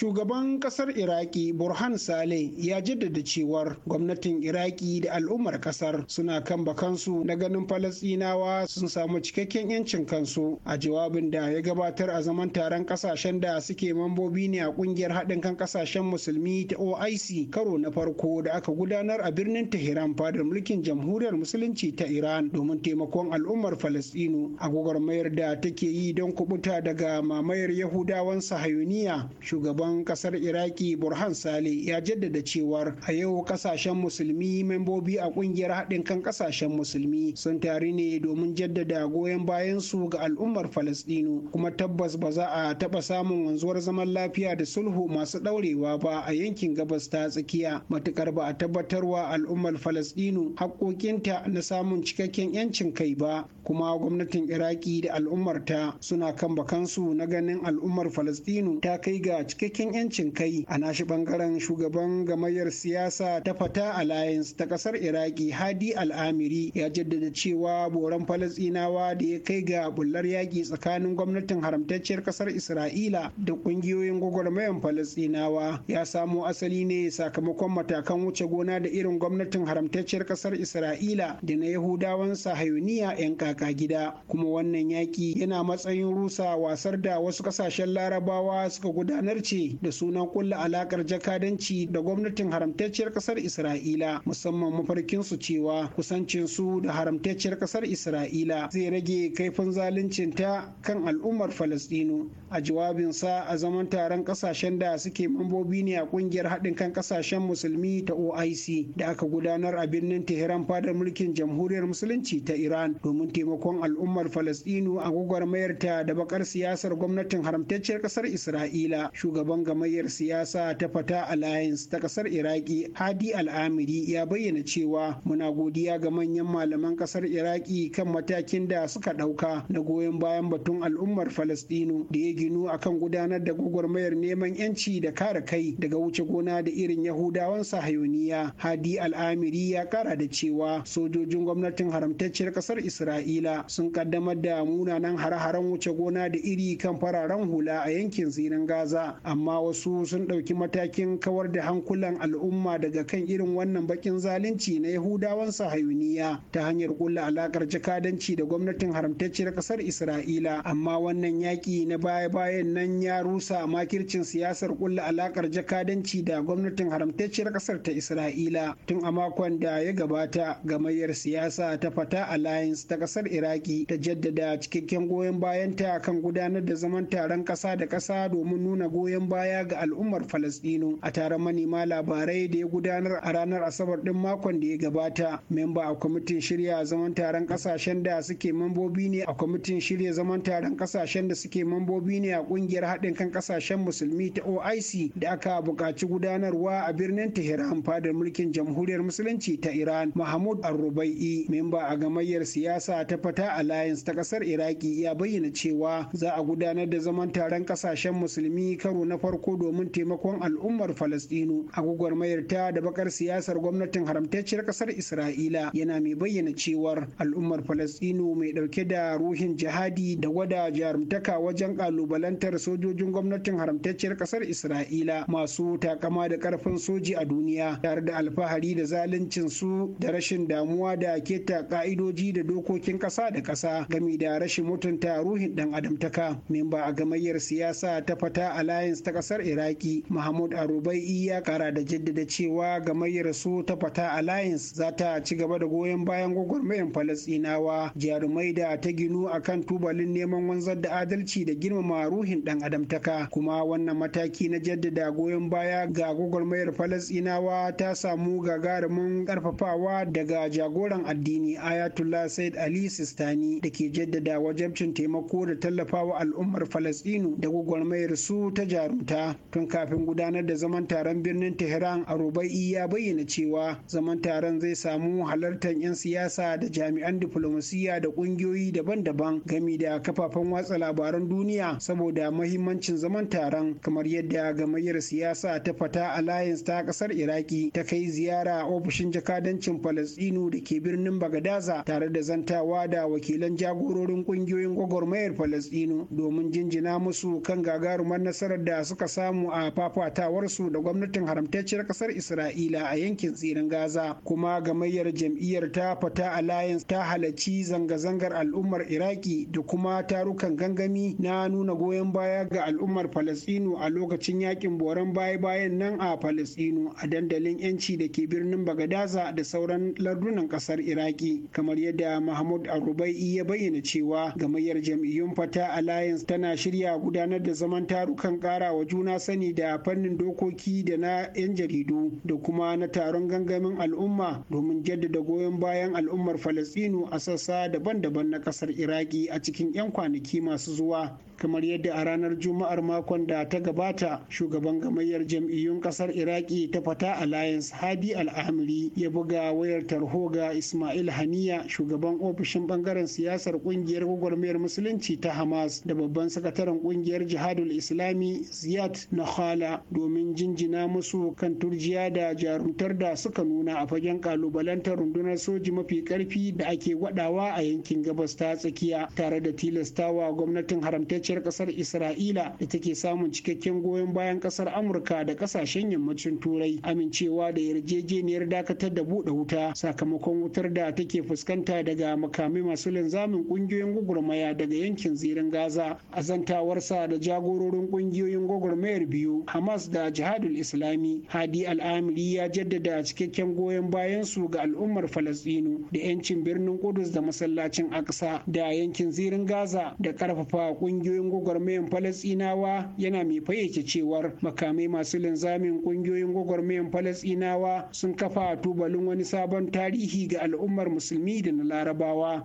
shugaban kasar iraki burhan saleh ya jaddada cewar gwamnatin iraki da al'ummar kasar suna kan bakansu na ganin falasinawa sun samu cikakken yancin kansu a jawabin da ya gabatar a zaman taron kasashen da suke mambobi ne a kungiyar haɗin kan kasashen musulmi ta oic karo na farko da aka gudanar a birnin tehran fadar mulkin jamhuriyar musulunci ta iran domin taimakon al'ummar falasinu a gwagwarmayar da take yi don kubuta daga mamayar yahudawan sahayuniya shugaban shugaban kasar iraki burhan sale ya jaddada cewar a yau kasashen musulmi membobi a kungiyar haɗin kan kasashen musulmi sun tari ne domin jaddada goyon bayan su ga al'ummar falastinu kuma tabbas ba za a taɓa samun wanzuwar zaman lafiya da sulhu masu ɗaurewa ba a yankin gabas ta tsakiya matukar ba a tabbatarwa al'ummar falastinu haƙoƙinta na samun cikakken 'yancin kai ba kuma gwamnatin iraki da al'ummarta suna kan bakansu na ganin al'ummar falastinu ta kai ga cikakken cikin 'yancin kai a nashi bangaren shugaban gamayyar siyasa ta fata alliance ta kasar iraki hadi al'amiri ya jaddada cewa boran falasinawa da ya kai ga bullar yaƙi tsakanin gwamnatin haramtacciyar kasar isra'ila da ƙungiyoyin gwagwarmayan falasinawa ya samo asali ne sakamakon matakan wuce gona da irin gwamnatin haramtacciyar kasar isra'ila da na yahudawan sahayuniya 'yan kaka gida kuma wannan yaƙi yana matsayin rusa wasar da wasu ƙasashen larabawa suka gudanar ce da sunan kulla alakar jakadanci da gwamnatin haramtacciyar kasar isra'ila musamman mafarkinsu cewa kusancin su da haramtacciyar kasar isra'ila zai rage kaifin zaluncin ta kan al'ummar falastinu a jawabinsa a zaman taron kasashen da suke mambobi ne a kungiyar haɗin kan kasashen musulmi ta oic da aka gudanar a birnin tehran fadar mulkin jamhuriyar musulunci ta iran domin taimakon al'ummar falastinu a gwagwarmayar ta da bakar siyasar gwamnatin haramtacciyar kasar isra'ila shugaban gamayyar siyasa ta fata alliance ta kasar iraki hadi al'amiri ya bayyana cewa muna godiya ga manyan malaman kasar iraki kan matakin da suka ɗauka na goyon bayan batun al'ummar falastinu da ya ginu akan gudanar da gwagwarmayar neman yanci da kare kai daga wuce gona da irin yahudawan sahayoniya hadi al'amiri ya kara da cewa sojojin gwamnatin haramtacciyar kasar isra'ila sun kaddamar da munanan hare-haren wuce gona da iri kan fararen hula a yankin zirin gaza amma wasu sun ɗauki matakin kawar da hankulan al'umma daga kan irin wannan bakin zalunci na yahudawan sahayoniya ta hanyar kulla alakar jakadanci da gwamnatin haramtacciyar kasar isra'ila amma wannan yaƙi na baya baya-bayan nan ya rusa makircin siyasar kulla alakar jakadanci da gwamnatin haramtacciyar kasar ta isra'ila tun a makon da ya gabata gamayyar siyasa ta fata alliance ta kasar iraki ta jaddada cikakken goyon bayanta kan gudanar da zaman taron kasa da kasa domin nuna goyon baya ga al'ummar falastinu a taron manema labarai da ya gudanar a ranar asabar din makon da ya gabata memba a kwamitin shirya zaman taron kasashen da suke mambobi ne a kwamitin shirya zaman taron kasashen da suke mambobi mambobi ne a kungiyar haɗin kan ƙasashen musulmi ta OIC da aka buƙaci gudanarwa a birnin Tehran fadar mulkin jamhuriyar musulunci ta Iran Mahmud Arrubai'i memba a gamayyar siyasa ta Fata Alliance ta ƙasar Iraki ya bayyana cewa za a gudanar da zaman taron ƙasashen musulmi karo na farko domin taimakon al'ummar Falastinu a gwagwarmayar ta da bakar siyasar gwamnatin haramtacciyar ƙasar Isra'ila yana mai bayyana cewar al'ummar Falastinu mai ɗauke da ruhin jihadi da gwada jarumtaka wajen ƙalubale kalubalantar sojojin gwamnatin haramtacciyar kasar isra'ila masu takama da karfin soji a duniya tare da alfahari da zaluncin su da rashin damuwa da keta ka'idoji da dokokin kasa da kasa gami da rashin mutunta ruhin dan adamtaka memba a gamayyar siyasa ta fata alliance ta kasar iraki mahmud arubai ya kara da jaddada cewa gamayyar su ta fata alliance za ta ci gaba da goyon bayan gwagwarmayan falasinawa jarumai da ta ginu akan tubalin neman wanzar da adalci da girmama ma ruhin ɗan adamtaka kuma wannan mataki na jaddada goyon baya ga gwagwarmayar falasɗinawa ta samu gagarumin ƙarfafawa daga jagoran addini ayatollah said ali sistani da ke jaddada wajabcin taimako da tallafawa al'ummar falasɗinu da gwagwarmayar su ta jarumta tun kafin gudanar da zaman taron birnin tehran a rubai ya bayyana cewa zaman taron zai samu halartar 'yan siyasa da jami'an diflomasiyya da ƙungiyoyi daban-daban gami da kafafen watsa labaran duniya saboda mahimmancin zaman taron kamar yadda gamayyar siyasa ta fata alliance ta kasar iraki ta kai ziyara ofishin jakadancin falastinu da ke birnin bagadaza tare da zantawa da wakilan jagororin kungiyoyin gwagwarmayar falastinu domin jinjina musu kan gagarumar nasarar da suka samu a fafatawarsu da gwamnatin haramtacciyar kasar isra'ila a yankin tsirin gaza kuma gamayyar jam'iyyar ta fata alliance ta halarci zanga-zangar al'ummar iraki da kuma tarukan gangami na nuna goyon baya ga al'ummar falasinu a lokacin yakin boran baya-bayan nan a Falasɗinu a dandalin 'yanci da ke birnin Bagadaza da sauran lardunan kasar Iraki. Kamar yadda Mahmud Arubai ya bayyana cewa gamayyar jam'iyyun Fata Alliance tana shirya gudanar da zaman tarukan kara wa juna sani da fannin dokoki da na 'yan jaridu da kuma na taron gangamin al'umma domin jaddada goyon bayan al'ummar Falasɗinu a sassa daban-daban na kasar Iraki a cikin 'yan kwanaki masu zuwa kamar yadda a ranar juma'ar makon da ta gabata shugaban gamayyar jam'iyyun kasar iraki ta fata alliance hadi al'amiri ya buga wayar tarho ga ismail haniya shugaban ofishin bangaren siyasar kungiyar gwagwarmayar musulunci ta hamas da babban sakataren kungiyar jihadul islami ziyad nakhala domin jinjina musu kan turjiya da jarumtar da suka nuna a fagen kalubalantar rundunar soji mafi karfi da ake gwadawa a yankin gabas ta tsakiya tare da tilastawa gwamnatin haramta haramtacciyar kasar isra'ila da take samun cikakken goyon bayan kasar amurka da kasashen yammacin turai amincewa da yarjejeniyar dakatar da buɗe wuta sakamakon wutar da take fuskanta daga makamai masu linzamin ƙungiyoyin gwagwarmaya daga yankin zirin gaza azantawarsa da jagororin ƙungiyoyin gwagwarmayar biyu hamas da jihadul islami hadi al'amiri ya jaddada cikakken goyon bayan su ga al'ummar falastinu da 'yancin birnin kudus da masallacin aksa da yankin zirin gaza da ƙarfafa ƙungiyoyin ƙungiyoyin gwagwarmayan falasinawa yana mai fayyace cewar makamai masu linzamin ƙungiyoyin gwagwarmayar falasinawa sun kafa a tubalin wani sabon tarihi ga al'ummar musulmi da na larabawa.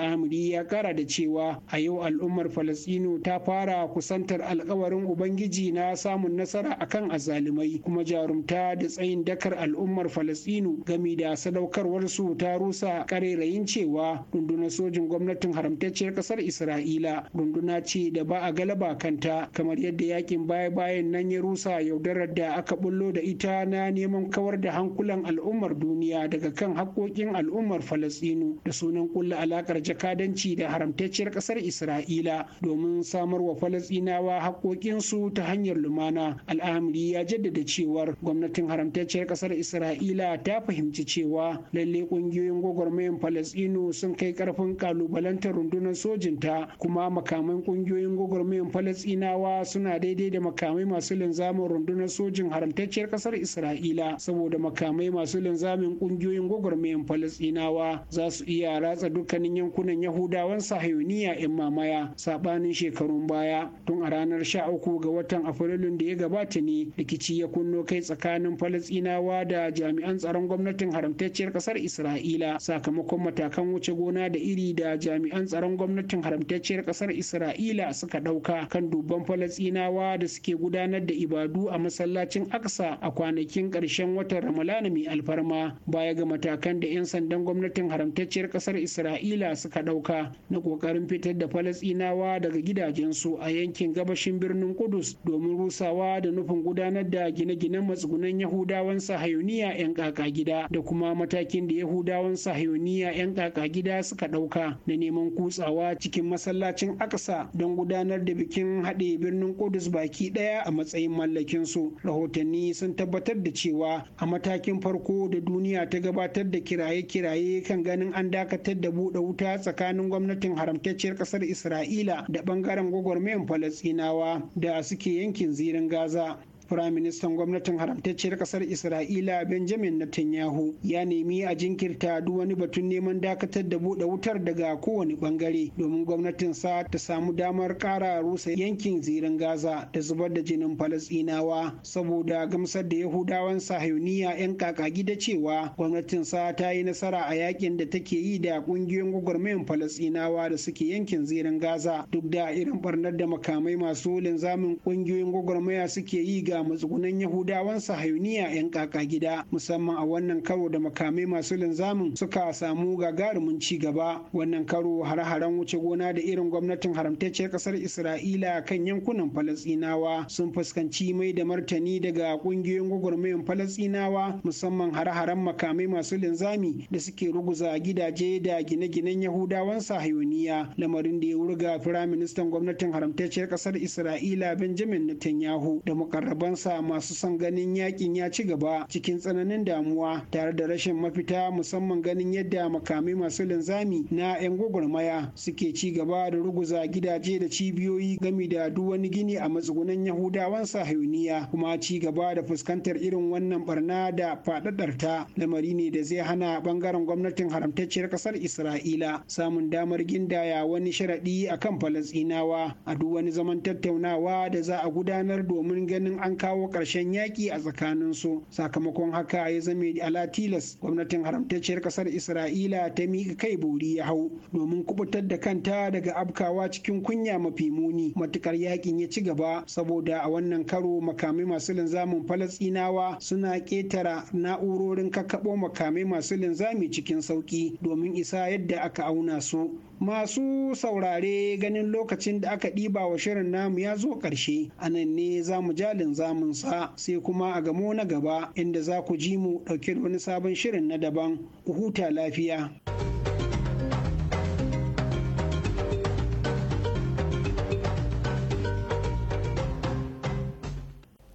al'amari ya kara da cewa a yau al'ummar falasino ta fara kusantar alkawarin ubangiji na samun nasara akan azalimai kuma jarumta da tsayin dakar al'ummar falasino gami da sadaukarwarsu ta rusa karerayin cewa rundunar sojin gwamnatin haramtacciyar kasar isra'ila runduna ce da ba a galaba kanta kamar yadda yakin baya-bayan nan ya rusa yaudarar da aka bullo da ita na neman kawar da hankulan al'ummar duniya daga kan haƙƙoƙin al'ummar falasino da sunan kulla alakar jakadanci da haramtacciyar ƙasar isra'ila domin samar wa Falasinawa haƙoƙinsu ta hanyar lumana al'amri ya jaddada cewar gwamnatin haramtacciyar ƙasar isra'ila ta fahimci cewa lalle ƙungiyoyin gwagwarmayan Falasinu sun kai ƙarfin ƙalubalantar rundunar sojinta kuma makaman ƙungiyoyin gwagwarmayan Falasinawa suna daidai da makamai masu linzamin rundunar sojin haramtacciyar ƙasar isra'ila saboda makamai masu linzamin ƙungiyoyin gwagwarmayan Falasinawa za su iya ratsa dukkanin yankunan yankunan yahudawan sahiyoniya 'yan mamaya saɓanin shekarun baya tun a ranar 13 ga watan afrilun da ya gabata ne rikici ya kunno kai tsakanin falasinawa da jami'an tsaron gwamnatin haramtacciyar ƙasar isra'ila sakamakon matakan wuce gona da iri da jami'an tsaron gwamnatin haramtacciyar ƙasar isra'ila suka ɗauka kan dubban falasinawa da suke gudanar da ibadu a masallacin aksa a kwanakin ƙarshen watan ramalana mai alfarma baya ga matakan da 'yan sandan gwamnatin haramtacciyar ƙasar isra'ila suka suka ɗauka na ƙoƙarin fitar da falasɗinawa daga gidajensu a yankin gabashin birnin kudus domin rusawa da nufin gudanar da gine-ginen matsugunan yahudawan sahayuniya 'yan ƙaƙa gida da kuma matakin da yahudawan sahayuniya 'yan ƙaƙa gida suka ɗauka na neman kutsawa cikin masallacin aksa don gudanar da bikin haɗe birnin kudus baki ɗaya a matsayin mallakinsu rahotanni sun tabbatar da cewa a matakin farko da duniya ta gabatar da kiraye-kiraye kan ganin an dakatar da buɗe wuta wuta tsakanin gwamnatin haramtacciyar kasar isra'ila da bangaren gwagwarmayan falasinawa da suke yankin zirin gaza Firaministan gwamnatin haramtacciyar ƙasar Isra'ila Benjamin Netanyahu ya nemi a jinkirta duk wani batun neman dakatar da buɗe wutar daga kowane bangare domin gwamnatin sa ta samu damar ƙara rusa yankin zirin Gaza da zubar da jinin Falasɗinawa saboda gamsar da Yahudawan Sahiyoniya 'yan kakagi da cewa gwamnatin sa ta yi nasara a yakin da take yi da ƙungiyoyin gwagwarmayan Falasɗinawa da suke yankin zirin Gaza duk da irin barnar da makamai masu linzamin ƙungiyoyin gwagwarmaya suke yi ga matsugunan yahudawan sahayuniya 'yan kaka gida musamman a wannan karo da makamai masu linzamin suka samu gagarumin ci gaba wannan karo har haren wuce gona da irin gwamnatin haramtacciyar kasar isra'ila kan yankunan falasinawa sun fuskanci mai da martani daga kungiyoyin gwagwarmayan falasinawa musamman har haren makamai masu linzami da suke ruguza gidaje da gine-ginen yahudawan sahayuniya lamarin da ya wurga firaministan gwamnatin haramtacciyar kasar isra'ila benjamin netanyahu da mukarraban Faransa masu son ganin yakin ya ci gaba cikin tsananin damuwa tare da rashin mafita musamman ganin yadda makamai masu linzami na 'yan gwagwarmaya suke ci gaba da ruguza gidaje da cibiyoyi gami da duk wani gini a matsugunan Yahudawan sahiyuniya kuma ci gaba da fuskantar irin wannan barna da faɗaɗarta lamari ne da zai hana bangaren gwamnatin haramtacciyar ƙasar Isra'ila samun damar gindaya wani sharaɗi akan Falasɗinawa a duk wani zaman tattaunawa da za a gudanar domin ganin an kawo ƙarshen yaƙi a tsakanin su sakamakon haka ya zame ala tilas gwamnatin haramtacciyar ƙasar isra'ila ta miƙa kai bori ya hau domin kubutar da kanta daga abkawa cikin kunya mafi muni matukar yaƙin ya ci gaba saboda a wannan karo makamai masu linzamin falasɗinawa suna ƙetara na'urorin kakkaɓo makamai masu linzami cikin sauƙi domin isa yadda aka auna su Masu saurare ganin lokacin da aka ɗiba wa shirin namu ya zo ƙarshe, a nan ne za mu jalin zamunsa sai kuma a gamo na gaba inda za ku ji mu ɗauke wani sabon shirin na daban, ku huta lafiya.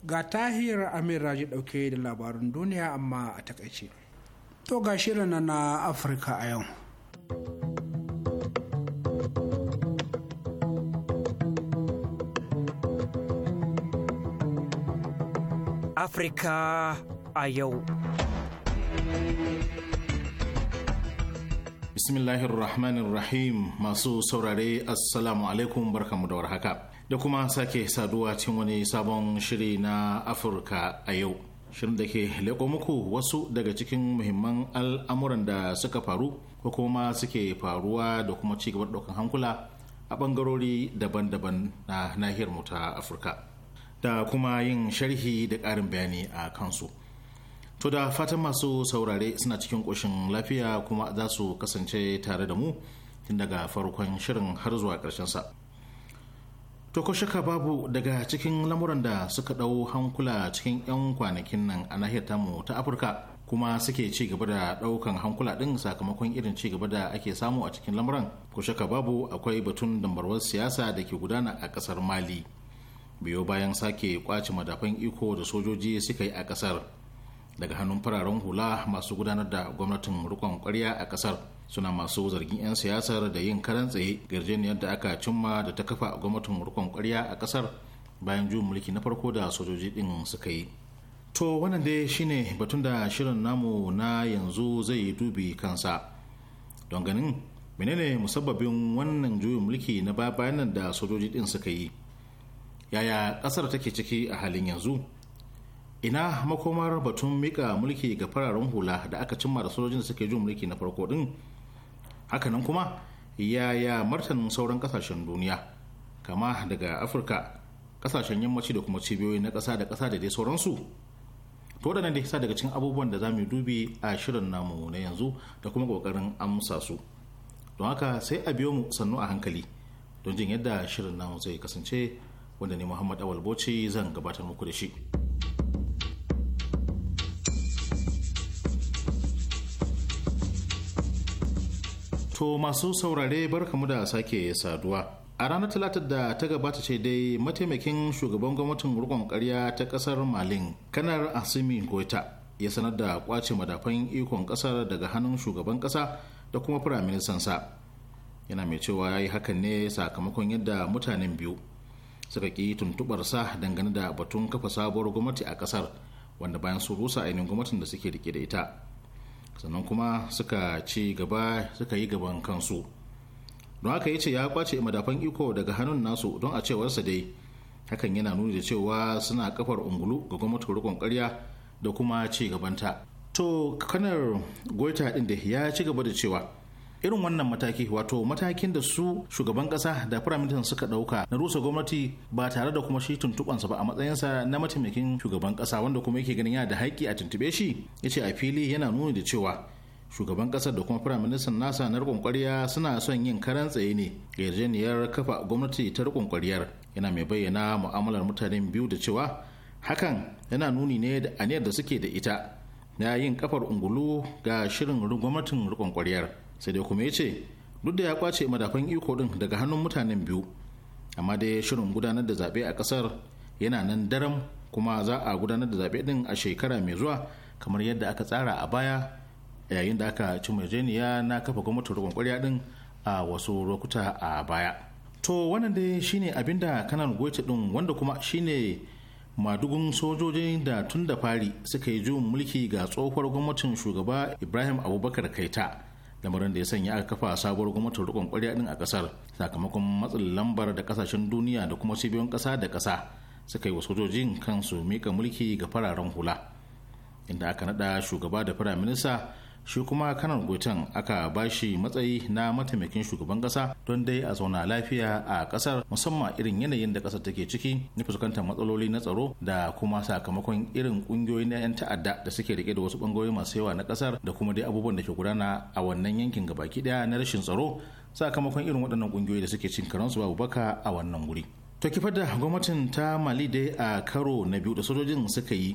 ga tahir amir raji dauke da labarin duniya amma a takaice to ga shirin na afirka a yau Afirka a yau. Bismillahir Rahmanir Rahim masu saurare Assalamu alaikum barkamu da warhaka da kuma sake saduwa cikin wani sabon shiri na Afirka a yau. Shirin da ke leko muku wasu daga cikin muhimman al'amuran da suka faru ko kuma suke faruwa da kuma ci gaba ɗaukan hankula a ɓangarori daban-daban na nahiyar mu ta Afirka. da kuma yin sharhi da ƙarin bayani a kansu. To da fatan masu saurare suna cikin ƙoshin lafiya kuma za su kasance tare da mu tun daga farkon shirin har zuwa ƙarshen sa. To ko shaka babu daga cikin lamuran da suka ɗau hankula cikin 'yan kwanakin nan a nahiyar tamu ta Afirka kuma suke ci gaba da ɗaukan hankula ɗin sakamakon irin ci gaba da ake samu a cikin lamuran. Ko shaka babu akwai batun dambarwar siyasa da ke gudana a ƙasar Mali. biyo bayan sake kwace madafan iko da sojoji suka yi a kasar daga hannun fararen hula masu gudanar da gwamnatin rikon kwarya a kasar suna masu zargin 'yan siyasar da yin karan tsaye garjeniyar da aka cimma da ta kafa gwamnatin rikon kwarya a kasar bayan juyin mulki na farko da sojoji din suka yi to wannan dai shine batun da shirin namu na yanzu zai yi dubi kansa don ganin menene musabbabin wannan juyin mulki na bayan da sojoji din suka yi yaya kasar take ciki a halin yanzu ina makomar batun mika mulki ga fararen hula da aka cimma da sojojin da suke jin mulki na farko din hakanan kuma yaya martanin sauran kasashen duniya kama daga afirka kasashen yammaci da kuma cibiyoyi na ƙasa da kasa da dai sauransu to waɗannan da sa daga cikin abubuwan da za mu dubi a shirin namu na yanzu da kuma ƙoƙarin amsa su don haka sai a biyo mu sannu a hankali don jin yadda shirin namu zai kasance wanda ne muhammad awal bauchi zan gabatar muku da shi to masu saurare barkamu da sake saduwa a ranar talatar da ta gabata ce dai mataimakin shugaban gwamnatin rikon karya ta kasar malin kanar asimi goita ya sanar da kwace madafan ikon kasar daga hannun shugaban kasa da kuma firaministan sa yana mai cewa ya yi hakan ne sakamakon yadda mutanen biyu suka ki tuntubarsa dangane da batun kafa sabuwar gwamnati a kasar wanda bayan su rusa ainihin gwamnatin da suke rike da ita sannan kuma suka ci gaba suka yi gaban kansu don haka ya ce ya kwace madafan iko daga hannun nasu don a cewarsa dai hakan yana nuni da cewa suna kafar ungulu ga gwamnatin rikon karya da kuma ci gabanta to kanar goita din da ya ci gaba da cewa irin wannan mataki wato matakin da su shugaban kasa da firaministan suka dauka na rusa gwamnati ba tare da kuma shi tuntubansa ba a matsayinsa na mataimakin shugaban kasa wanda kuma yake ganin yana da haƙƙi a tuntube shi ya ce a fili yana nuni da cewa shugaban kasar da kuma firaministan nasa na rikon kwarya suna son yin karan tsaye ne yarjejeniyar kafa gwamnati ta rikon kwaryar yana mai bayyana mu'amalar mutane biyu da cewa hakan yana nuni ne da aniyar da suke da ita na yin kafar ungulu ga shirin gwamnatin rikon kwaryar sai dai kuma ya ce duk da ya kwace madafan iko din daga hannun mutanen biyu amma dai shirin gudanar da zaɓe a ƙasar yana nan daram kuma za a gudanar da zaɓe din a shekara mai zuwa kamar yadda aka tsara a baya yayin da aka ci majeniya na kafa gwamnatin rikon ƙwarya din a wasu lokuta a baya to wannan dai shine abinda kanan goita din wanda kuma shine madugun sojojin da tun da fari suka yi juyin mulki ga tsohuwar gwamnatin shugaba ibrahim abubakar kaita lamarin da ya sanya aka kafa sabuwar gwamnatin rikon kwarya din a kasar sakamakon matsin lambar da kasashen duniya da kuma cibiyoyin kasa da kasa suka yi wa sojojin kansu mika mulki ga fararen hula inda aka nada shugaba da firaminista shi kuma kanan gotan aka bashi matsayi na mataimakin shugaban kasa don dai a zauna lafiya a kasar musamman irin yanayin da kasar take ciki na fuskantar matsaloli na tsaro da kuma sakamakon irin kungiyoyi na 'yan ta'adda da suke rike da wasu bangoyi masu yawa na kasar da kuma dai abubuwan da ke gudana a wannan yankin ga baki daya na rashin tsaro sakamakon irin waɗannan kungiyoyi da suke cin karansu babu baka a wannan wuri. To kifar da gwamnatin ta Mali dai a karo na biyu da sojojin suka yi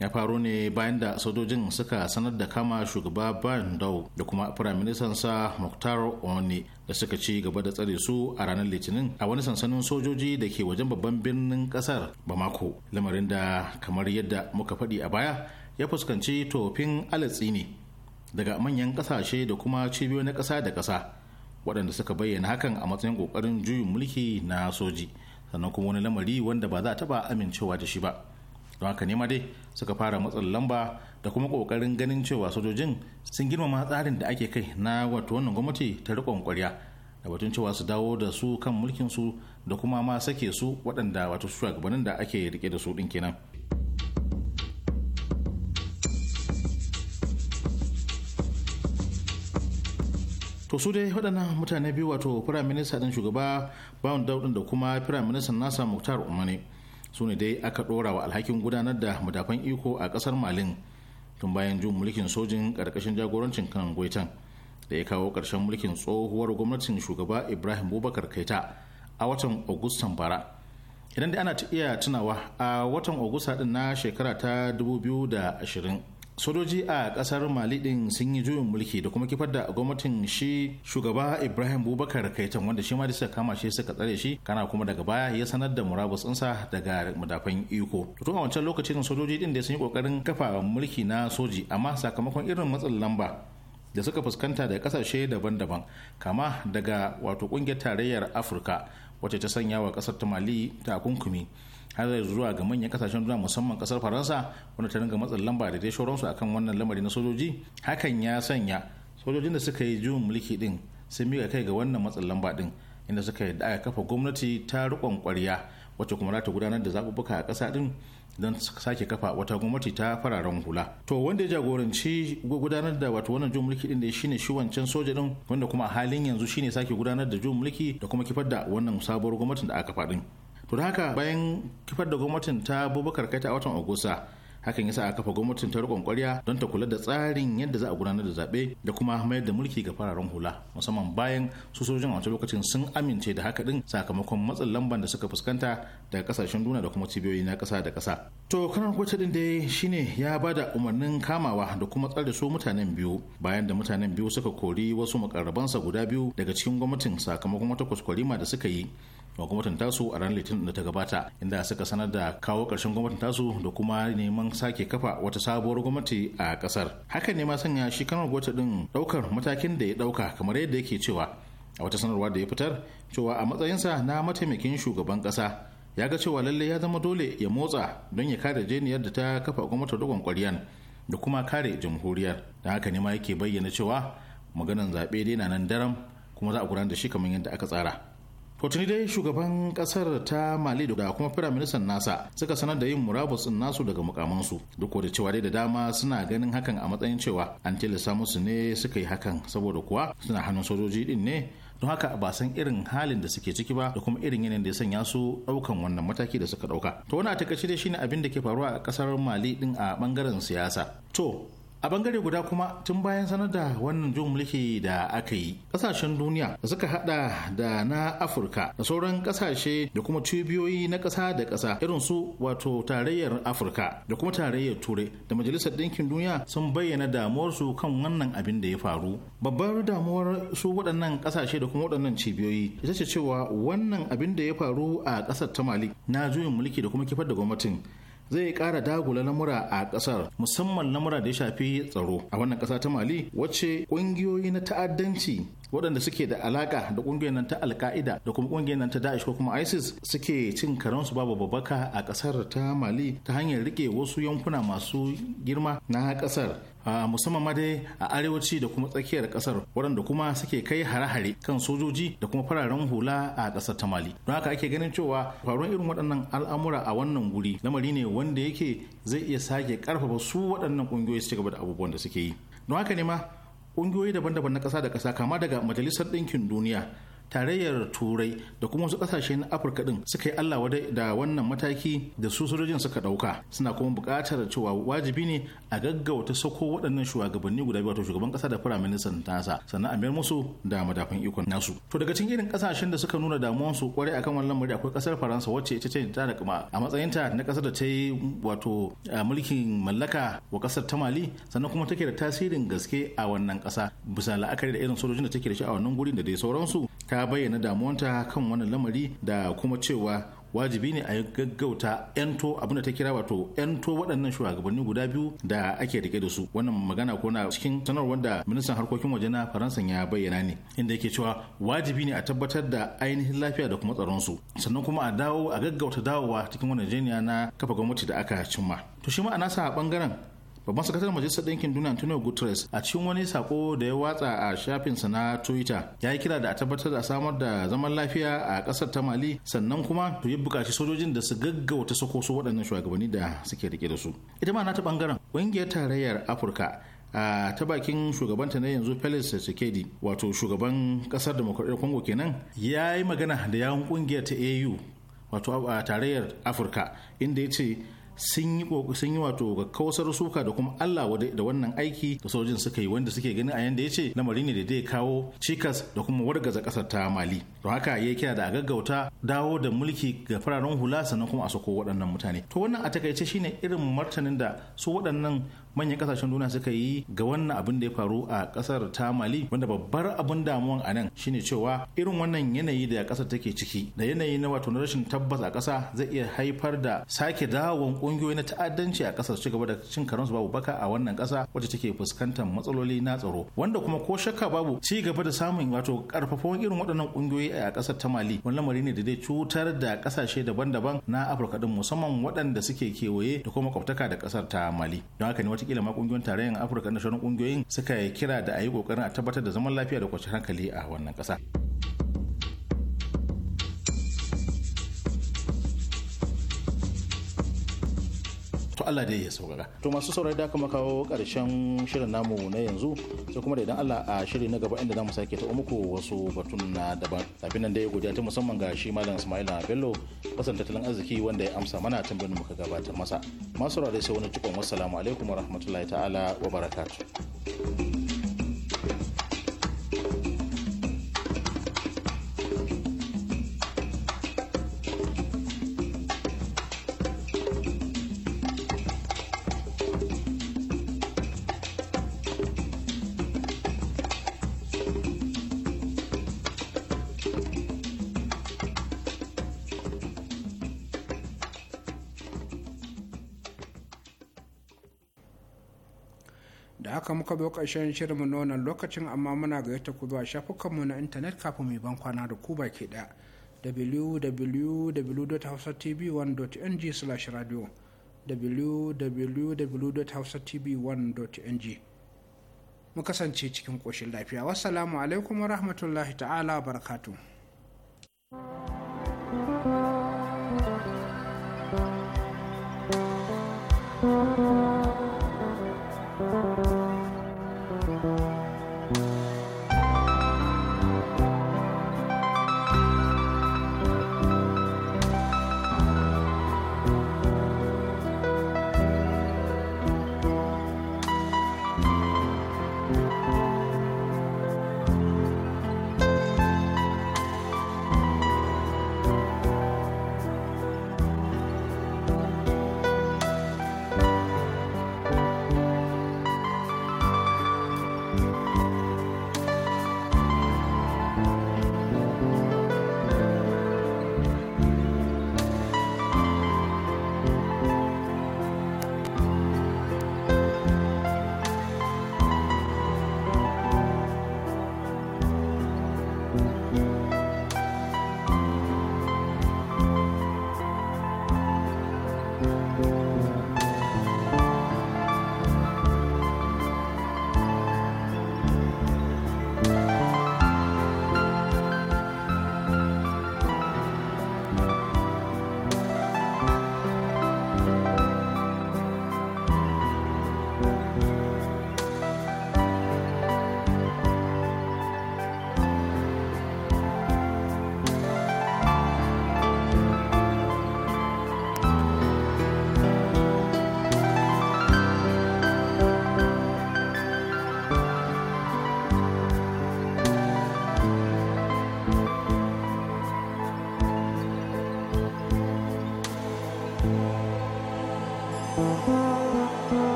ya faru ne bayan da sojojin suka sanar da kama shugaba ban dau da kuma firaministan sa muktar oni da suka ci gaba da tsare su a ranar litinin a wani sansanin sojoji da ke wajen babban birnin kasar bamako lamarin da kamar yadda muka faɗi a baya ya fuskanci tofin alatsi ne daga manyan ƙasashe da kuma cibiyoyi na ƙasa da ƙasa waɗanda suka bayyana hakan a matsayin ƙoƙarin juyin mulki na soji sannan kuma wani lamari wanda ba za a taɓa amincewa da shi ba don haka ne ma dai suka fara matsin lamba da kuma kokarin ganin cewa sojojin sun girmama tsarin da ake kai na wato wannan gwamnati ta rikon kwarya da batun cewa su dawo da su kan mulkin su da kuma ma sake su waɗanda wato shugabannin da ake rike da su ɗin kenan to su dai waɗannan mutane biyu wato firaminista ɗin shugaba bawon daudin da kuma firayim firaministan nasa muktar umarni. su ne dai aka ɗorawa wa alhakin gudanar da madafan iko a ƙasar malin tun bayan jin mulkin sojin karkashin jagorancin kan goitan da ya kawo ƙarshen mulkin tsohuwar gwamnatin shugaba ibrahim bubakar kaita a watan augustan bara idan dai ana iya tunawa a watan augusta din na shekara ta 2020 sojoji a kasar mali din sun yi juyin mulki da kuma kifar da gwamnatin shi shugaba ibrahim bubakar kaitan wanda shi ma da suka kama shi suka tsare shi kana kuma daga baya ya sanar da murabus ɗinsa daga madafan iko tun a wancan lokacin sojoji din da sun yi kokarin kafa mulki na soji amma sakamakon irin matsin lamba da suka fuskanta da kasashe daban-daban kama daga wato kungiyar tarayyar afirka wacce ta sanya wa kasar ta mali ta takunkumi har zuwa ga manyan kasashen duniya musamman kasar faransa wanda ta ringa matsin lamba da dai shauransu akan wannan lamari na sojoji hakan ya sanya sojojin da suka yi juyin mulki din sun miƙa kai ga wannan matsin lamba din inda suka yi aka kafa gwamnati ta riƙon ƙwarya wacce kuma za ta gudanar da zaɓuɓɓuka a ƙasa din don sake kafa wata gwamnati ta fararen hula to wanda ya jagoranci gudanar da wato wannan juyin mulki din da shine shi wancan soja din wanda kuma a halin yanzu shine sake gudanar da juyin mulki da kuma kifar da wannan sabuwar gwamnatin da aka faɗin to haka bayan kifar da gwamnatin ta bubakar kaita a watan agusta hakan yasa a kafa gwamnatin ta rikon kwarya don ta kula da tsarin yadda za a gudanar da zaɓe da kuma mayar da mulki ga fararen hula musamman bayan su sojojin a wancan lokacin sun amince da haka din sakamakon matsin lamban da suka fuskanta daga kasashen duna da kuma cibiyoyi na ƙasa da ƙasa to kanar kwace din dai shine ya ba da umarnin kamawa da kuma tsar da su mutanen biyu bayan da mutanen biyu suka kori wasu makarrabansa guda biyu daga cikin gwamnatin sakamakon wata kwaskwarima da suka yi wa gwamnatin tasu a ranar litinin da ta gabata inda suka sanar da kawo ƙarshen gwamnatin tasu da kuma neman sake kafa wata sabuwar gwamnati a ƙasar hakan ne ma sanya shi kanar gwamnati din ɗaukar matakin da ya ɗauka kamar yadda yake cewa a wata sanarwa da ya fitar cewa a matsayinsa na mataimakin shugaban ƙasa ya ga cewa lalle ya zama dole ya motsa don ya kare jeniyar da ta kafa gwamnati dogon ƙwaryan da kuma kare jamhuriyar da haka ne ma yake bayyana cewa maganan zaɓe dai na nan daram kuma za a gudanar da shi kamar yadda aka tsara Hotuni dai shugaban kasar ta Mali da kuma firaministan nasa suka sanar da yin murabus din nasu daga mukamansu duk da cewa dai da dama suna ganin hakan a matsayin cewa an tilasta musu ne suka yi hakan saboda kuwa suna hannun sojoji din ne don haka ba san irin halin da suke ciki ba da kuma irin yanayin da ya sanya su daukan wannan mataki da suka dauka to wani a takaice dai shine abin da ke faruwa a kasar Mali din a bangaren siyasa to a bangare guda kuma tun bayan sanar da wannan jin mulki da aka yi kasashen duniya da suka hada da na afirka da sauran kasashe da kuma cibiyoyi na kasa da kasa irin su wato tarayyar afirka da kuma tarayyar turai da majalisar ɗinkin duniya sun bayyana damuwarsu kan wannan abin da ya faru babbar damuwar su waɗannan kasashe da kuma waɗannan cibiyoyi ita ce cewa wannan abin da ya faru a ƙasar ta mali na juyin mulki da kuma kifar da gwamnatin zai kara dagula lamura a kasar musamman lamura da ya shafi tsaro a wannan kasa ta mali wacce ƙungiyoyi na ta'addanci waɗanda suke da alaka da ƙungiyar nan ta alka'ida da kuma ƙungiyar nan ta da'ish ko kuma isis suke cin karansu babu Babaka a ƙasar ta mali ta hanyar riƙe wasu yankuna masu girma na ƙasar musamman ma dai a arewaci da kuma tsakiyar ƙasar waɗanda kuma suke kai hare-hare kan sojoji da kuma fararen hula a ƙasar ta mali don haka ake ganin cewa faruwar irin waɗannan al'amura a wannan guri lamari ne wanda yake zai iya sake ƙarfafa su waɗannan ƙungiyoyi su ci gaba da abubuwan da suke yi don haka ne ma ƙungiyoyi daban-daban na ƙasa da ƙasa kama daga majalisar ɗinkin duniya tarayyar turai da kuma wasu kasashe na afirka din suka yi allah wadai da wannan mataki da su sojojin suka dauka suna kuma bukatar cewa wajibi ne a gaggauta sako waɗannan shugabanni guda biyu wato shugaban ƙasa da firaministan nasa sannan a mayar musu da madafin ikon nasu to daga cikin irin kasashen da suka nuna su kwarai akan wannan lamari akwai kasar faransa wacce ita ce ta kuma a matsayinta na kasar da ta yi wato mulkin mallaka wa kasar ta mali sannan kuma take da tasirin gaske a wannan kasa bisa la'akari da irin sojojin da take da shi a wannan gurin da dai sauransu ta ta bayyana damuwanta kan wannan lamari da kuma cewa wajibi ne a yi gaggauta 'yanto abinda ta kira wato 'yanto waɗannan shugabanni guda biyu da ake rike da su wannan magana ko na cikin sanarwar da ministan harkokin waje na faransa ya bayyana ne inda yake cewa wajibi ne a tabbatar da ainihin lafiya da kuma tsaron su sannan kuma a dawo a gaggauta dawowa cikin wannan jeniya na kafa gwamnati da aka cimma to shi sa a bangaren babban sakataren majalisar ɗinkin duniya antonio guterres a cikin wani sako da ya watsa a shafinsa na twitter ya yi kira da a tabbatar da samar da zaman lafiya a ƙasar ta mali sannan kuma to ya buƙaci sojojin da su gaggauta sako su waɗannan shugabanni da suke rike da su ita ma na ta ɓangaren ƙungiyar tarayyar afirka a ta bakin shugabanta na yanzu Felix tsakedi wato shugaban kasar demokradiyyar Congo kenan ya yi magana da yawon ƙungiyar ta AU wato a tarayyar Afirka inda ya ce sun yi sun yi wato kakkausar suka da kuma Allah da wannan aiki da sojin suka yi wanda suke ganin a yanda ya ce lamari ne da zai kawo cikas da kuma wargaza kasar ta Mali don haka ya kira da a gaggauta dawo da mulki ga fararen hula sannan kuma a sako waɗannan mutane to wannan a takaice shine irin martanin da su waɗannan manyan kasashen duniya suka yi ga wannan abin da ya faru a kasar ta mali wanda babbar abin damuwan a nan shine cewa irin wannan yanayi da kasar take ciki da yanayi na wato na rashin tabbas a kasa zai iya haifar da sake dawon kungiyoyi na ta'addanci a kasar ci gaba da cin su babu baka a wannan kasa wacce take fuskantar matsaloli na tsaro wanda kuma ko shakka babu ci gaba da samun wato karfafawan irin waɗannan kungiyoyi a kasar ta mali wani lamari ne da zai cutar da kasashe daban-daban na afirka din musamman waɗanda suke kewaye da kuma kwaftaka da kasar ta mali don haka ne wata watakila ma kungiyoyin tarayyar afirka na sauran kungiyoyin suka yi kira da a yi kokarin a tabbatar da zaman lafiya da kwanciyar hankali a wannan kasa. Allah dai ya saurara to masu saurari da kuma kawo karshen shirin namu na yanzu sai kuma da idan Allah a shiri na gaba inda zamu sake ta muku wasu batun na daban kafin nan dai godiya ta musamman ga shi malam Ismaila Bello kasan tattalin arziki wanda ya amsa mana tambayar muka gabatar masa masu saurari sai wani cikon wassalamu alaikum warahmatullahi ta'ala wa barakatuh lokacin shirin shirinmu na wannan lokacin amma muna ga ta ku zuwa shafukanmu na intanet kafin mai ban kwana da ku baki ɗaya www.hausatv1.ng slash radio www.hausatv1.ng mu kasance cikin koshin lafiya wassalamu alaikum wa rahmatullahi ta'ala barakatuh